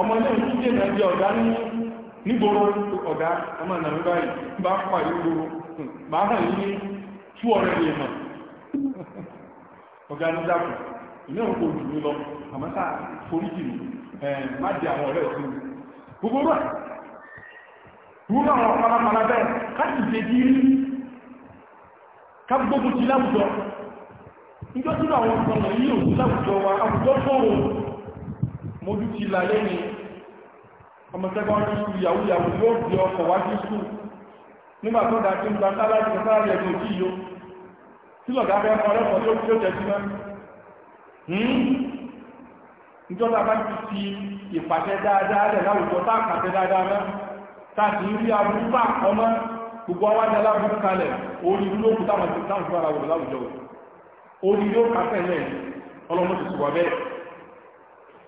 ọmọ ilé ìdíje náà di ọ̀gá nígboro ọmọ ìnàmí báyìí bá pàdé gbogbo máa hàn ní tú ọ̀rẹ́ lè mọ̀ ọ̀gá ní dàpọ̀ ilé òkú jù mí lọ àmọ́ má di àwọn ọ̀rẹ́ òkú mi gbogbo rẹ̀ bẹ́ẹ̀ ṣe dí rí gbogbo ti láwùjọ àwọn ọ̀sán yìí láwùjọ mojú ti là lẹ́ni ọmọ sẹ́kọ́ndì skul yàwó yàwó yóò di ọkọ̀ wájú skul nígbà tó dá tí ń gba sáláàdì kan sáláàdì ẹ̀kọ́ tí yó tí lọ̀gá tí ó tẹ̀ sí mọ́ níjọba bá ti fi ìpàtẹ dáadáa rẹ̀ láwùjọ tá àpàtẹ dáadáa a sì ń rí aburú bá ọmọ gbogbo àwọn kalẹ̀ orí ti ara láwùjọ orí lẹ̀ ọlọ́mọ ti bẹ́ẹ̀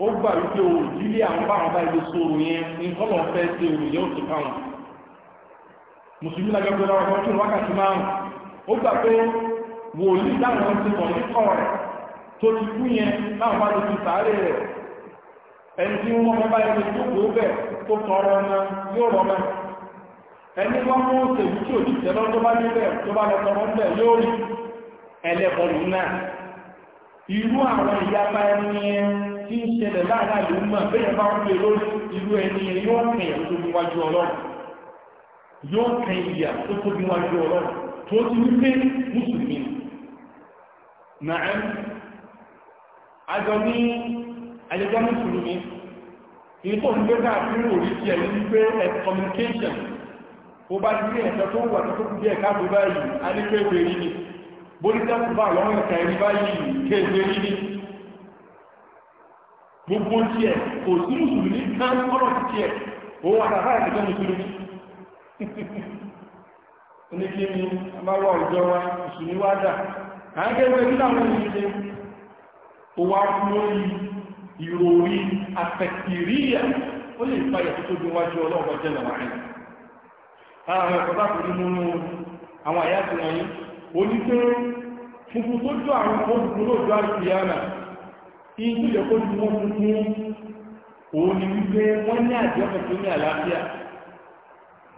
ó gbà wípé òjìlé àwọn báwọn bá ilé sóòrò yẹn ní kọ́lọ̀ fẹ́ ṣe òrò yẹn ó ti fáwọn mùsùlùmí lágbàgbé lọ́wọ́ kan tó wákàtí márùn ó gbà pé wòlíì dáhùn ti kọ̀ ní kọ́ rẹ̀ tó ti kú yẹn láwọn bá ti fi sàárè rẹ̀ ẹni tí wọ́n bá ilé jókòó bẹ̀ tó tọrọ ọmọ yóò rọ mọ́ ẹni wọ́n mú òṣèlú tí òjì tẹ́lọ́ tó bá níbẹ̀ tó bá lọ tọrọ bẹ̀ yóò rí ẹlẹ́bọ̀lù náà irú àwọn ìyapa ẹni yẹn tí ń ṣẹlẹ̀ láàrin àlùmọ̀ bẹ́ẹ̀ bá ń pè lórí irú ẹni yóò kàn tó tóbi wájú ọlọ́run yóò tó wájú ọlọ́run tó ti mùsùlùmí ń gbé káàkiri tí ń gbé ó bá ti rí ẹ̀sẹ̀ tó wà tó kú báyìí a ní kéwèé bá lọ́rùn gbogbo tiẹ̀ kò sí mùsùlùmí kan ọ̀rọ̀ tiẹ̀ o wà tàbá ìdíjọ́ mùsùlùmí ní kí ni a bá wà ìjọ wa mùsùlùmí wá dà à ń gẹ́gẹ́ bí láwọn ènìyàn ṣe wá fún ìròrí àfẹ̀kìríyà ó lè fa ìyàtọ̀ tó bí wájú jẹ́ ìjú lè kó ju wọn tuntun òun ni wípé wọn ní àjọpọ̀ tó ní àlàáfíà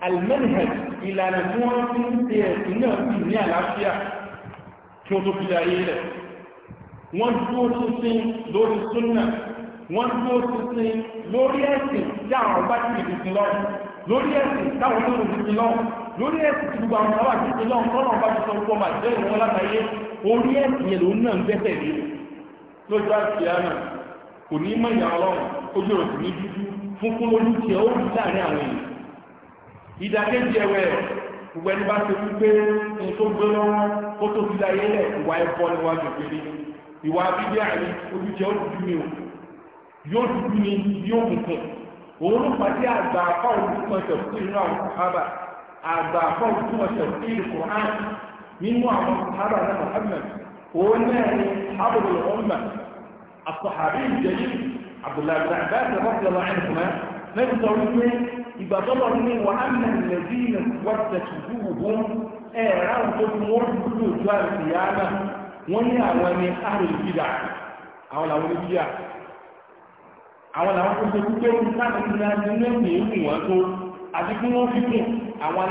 almanhaj ìlànà tí wọn fi ń ṣe ẹ̀sìn náà sì ní àlàáfíà kí wọn tó fi ayé rẹ̀ wọn dúró tuntun lórí súnà wọn dúró tuntun lórí ẹ̀sìn tí àwọn ọba ti fi ti lọ lórí ẹ̀sìn táwọn olóòrùn ti fi lọ lórí ẹ̀sìn tí gbogbo àwọn ọba ti fi lọ tọ́nà ọba ti sọ gbogbo ọba ìjẹ́ ìwọ́n látàyé orí ẹ̀sìn yẹn lòun náà ń bẹ́sẹ̀ lójú àti àná kò ní mọ̀nyà ọlọ́run ojú rẹ̀ sì ní dúdú funfun lójú tí ó rí láàrin àwọn èèyàn ìdàkejì ẹ̀wẹ̀ gbogbo ẹni bá ti wí pé ohun tó gbé lọ́wọ́ kó tó fi láyé lẹ̀ ìwà ẹ̀bọ níwájú péré ìwà bíbí àárín ojú tí ó dúdú ni o yóò dúdú ni yóò kùnkùn òun ló pàdé àgbà àpá òkú kan tẹ̀ fún ìlú àwọn sábà àgbà àpá òkú kan tẹ̀ fún ìlú nínú àwọn sábà náà Muhammad òun náà ni abúlé ọmọ àtọ̀hàbí ìjẹ́jú abdullahi abdullahi abdullahi abdullahi abdullahi lẹ́yìn sọ wípé ìgbà tọ́lọ̀ ní wà á nà lẹ́bí nà wọ́tẹ̀ tùdú wọn àwọn àwọn tó sáà ìwọ̀n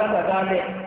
tó fi kún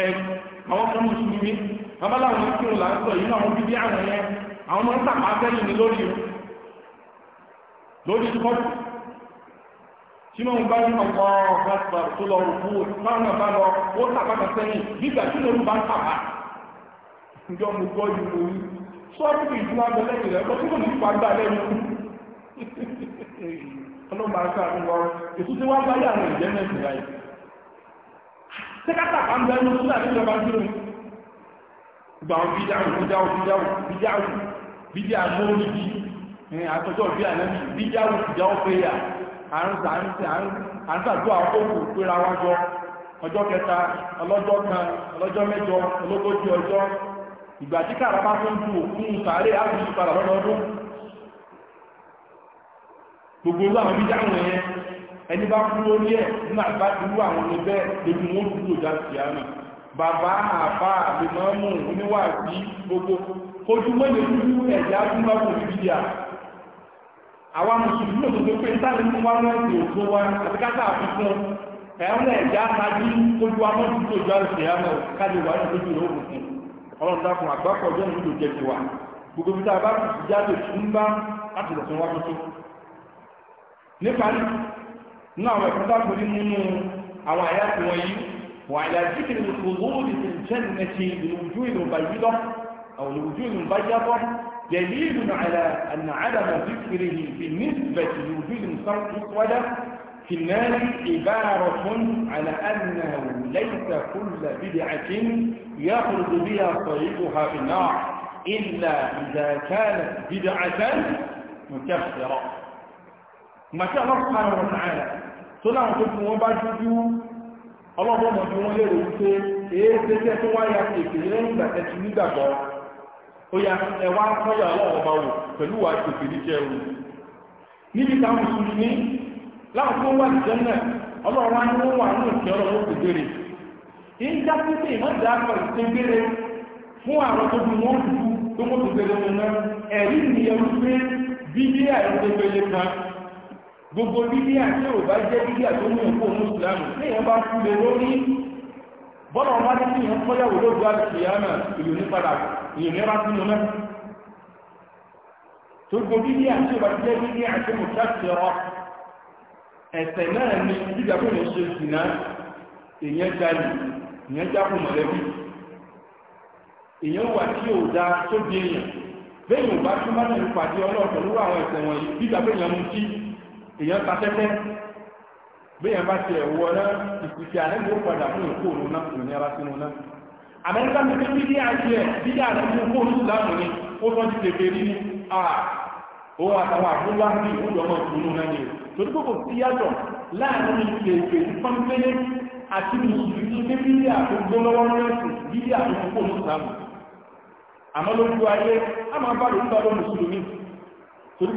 ẹ̀rù àwọn kan mùsùlùmí babaláwọn tí wọn là ń sọ yìí náà wọn fi bí àwọn yẹn àwọn ọmọ ń tàpá ní lórí o lórí kọ́pù tí bá ń tó lọ òkú sẹ́kátà kan bẹ́ẹ̀ ní súnà ní ìjọba dúró gbà wọn bídí àwọn bídí àwọn bídí àwọn bídí àwọn ọjọ́ kẹta ọlọ́jọ́ kan ọlọ́jọ́ mẹ́jọ ọjọ́ ìgbà tí bá tó ń gbogbo ẹni bá kú lórí ẹ̀ nígbà bá irú àwọn lójú wọn dúró já sí àmì bàbá àbá àbẹ̀mọ́mù oníwàásí gbogbo ojú mọ́lẹ̀ dúdú ẹ̀já tún bá kò mùsùlùmí pé wọn wa àti káta àfikún ẹ̀wọ̀n ẹ̀já tají ojú amọ́ dúró já sí àmì káde wà ní ojú ìrọ̀ òkú ọlọ́run dákun a jáde tún bá láti نعم àwọn ẹ̀kọ́ أو torí múnú وعلى ذكر tí في الجنة لوجود بيضة أو لوجود lùkùlù دليل على أن عدم ذكره بالنسبة لوجود صوت أسود في النار عبارة على أنه ليس كل بدعة يخرج بها صاحبها في النار إلا إذا كانت بدعة مكفرة màtí aláàpáà wọn tààrà tó so tó fún wọn bá dúdú ọlọ́gbọ́mọ̀ bí wọ́n lè rò wípé èé tẹ́tẹ́ tó wá ya lẹ́yìn ìgbà ya ẹwà wò pẹ̀lú ní jẹ́ òun níbi táwọn wà wọ́n wà ní òkè kò ìmọ̀dé ìtẹ́gbére fún àwọn tó wọ́n dúdú tó tó ẹ̀rí ìyẹn gbogbo bíbí àti òbá jẹ́ bíbí àti omi òkú òun ìsìlámù ní ìyẹn bá kú lè lórí bọ́lá ọmọ adé tí ìyẹn kọ́yàwó lójú àti ìyáàmà ìlú ní padà ìyẹn ní ẹbá sínú mẹ́ tó gbogbo bíbí àti òbá jẹ́ bíbí àti òkú àti ọ̀rọ̀ ẹ̀sẹ̀ náà ni jíjà fún ìṣe ìsìná ìyẹn jalè ìyẹn èèyàn tafẹ́fẹ́ bẹ́ẹ̀ bá tiẹ̀ wọ náà ìsìkì àlẹ́bí ó padà fún náà kò ní ara sínú náà àmẹ́ríkà ti fi bídí àjẹ́ bídí àlẹ́bí ó kó ni ó tọ́ ti tètè rí ní à ó àtàwọn ìwúlò ọmọ náà ni torí sí yàtọ̀ láàrin ìpèsè pọ́npẹ́lẹ́ àti ní bídí rẹ̀sì bídí àmọ́ lójú ayé máa bá mùsùlùmí torí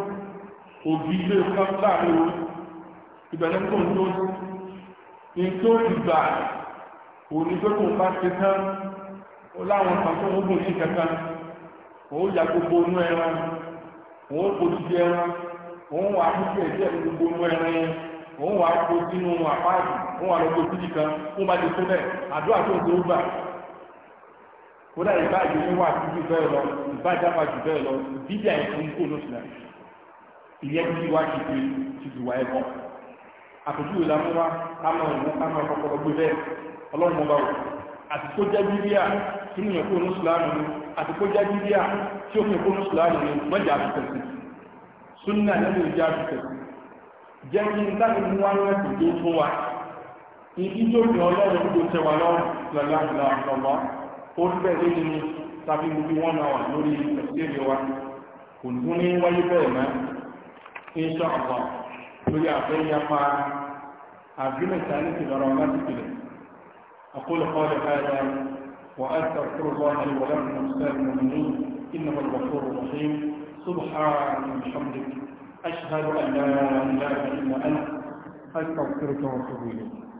òbí ilé kan láàrin o ìbẹ̀rẹ̀ tó ń tó ní tó ìgbà òní tó tó ń bá ṣe tán ó láwọn kan tó ń gùn sí kankan òun ya gbogbo inú ẹran òun kò ti di ẹran òun wà á fi ẹ̀jẹ̀ gbogbo inú ẹran yẹn òun wà á kó sínú àpáàdì òun wà lọ́gbọ̀n síbi kan fún bá ti tó bẹ́ẹ̀ àdúrà tó ń tó gbà kódà ìbáàjì ní wà síbi bẹ́ẹ̀ lọ ìbáàjì àpàjù bẹ́ẹ̀ lọ ìbíjà ẹ̀kún kò lóṣù náà ìyẹn ti wá ṣìṣe ti ti wá ẹ̀kọ́ àpèjúwe la mú wa ká máa wò ká máa kọ́kọ́ gbé bẹ́ẹ̀ ọlọ́run ọba wò àti kó jẹ́ bíbíà tí mo yàn kó onú sùlámù ni àti kó jẹ́ bíbíà tí ó fi kó onú sùlámù ni mọ́jà àti tẹ̀sí súnà nínú ìjà àti tẹ̀sí jẹ́ kí n dáhùn kò ní wáyé bẹ́ẹ̀ náà ان شاء الله àfẹ́ yapa agreement tani ti lọ́rọ̀ láti pilẹ̀ أقول قولي هذا وأستغفر الله لي ولكم ولسائر المؤمنين إنه الغفور الرحيم سبحانك بحمدك أشهد أن لا إله إلا أنت أستغفرك وأتوب إليك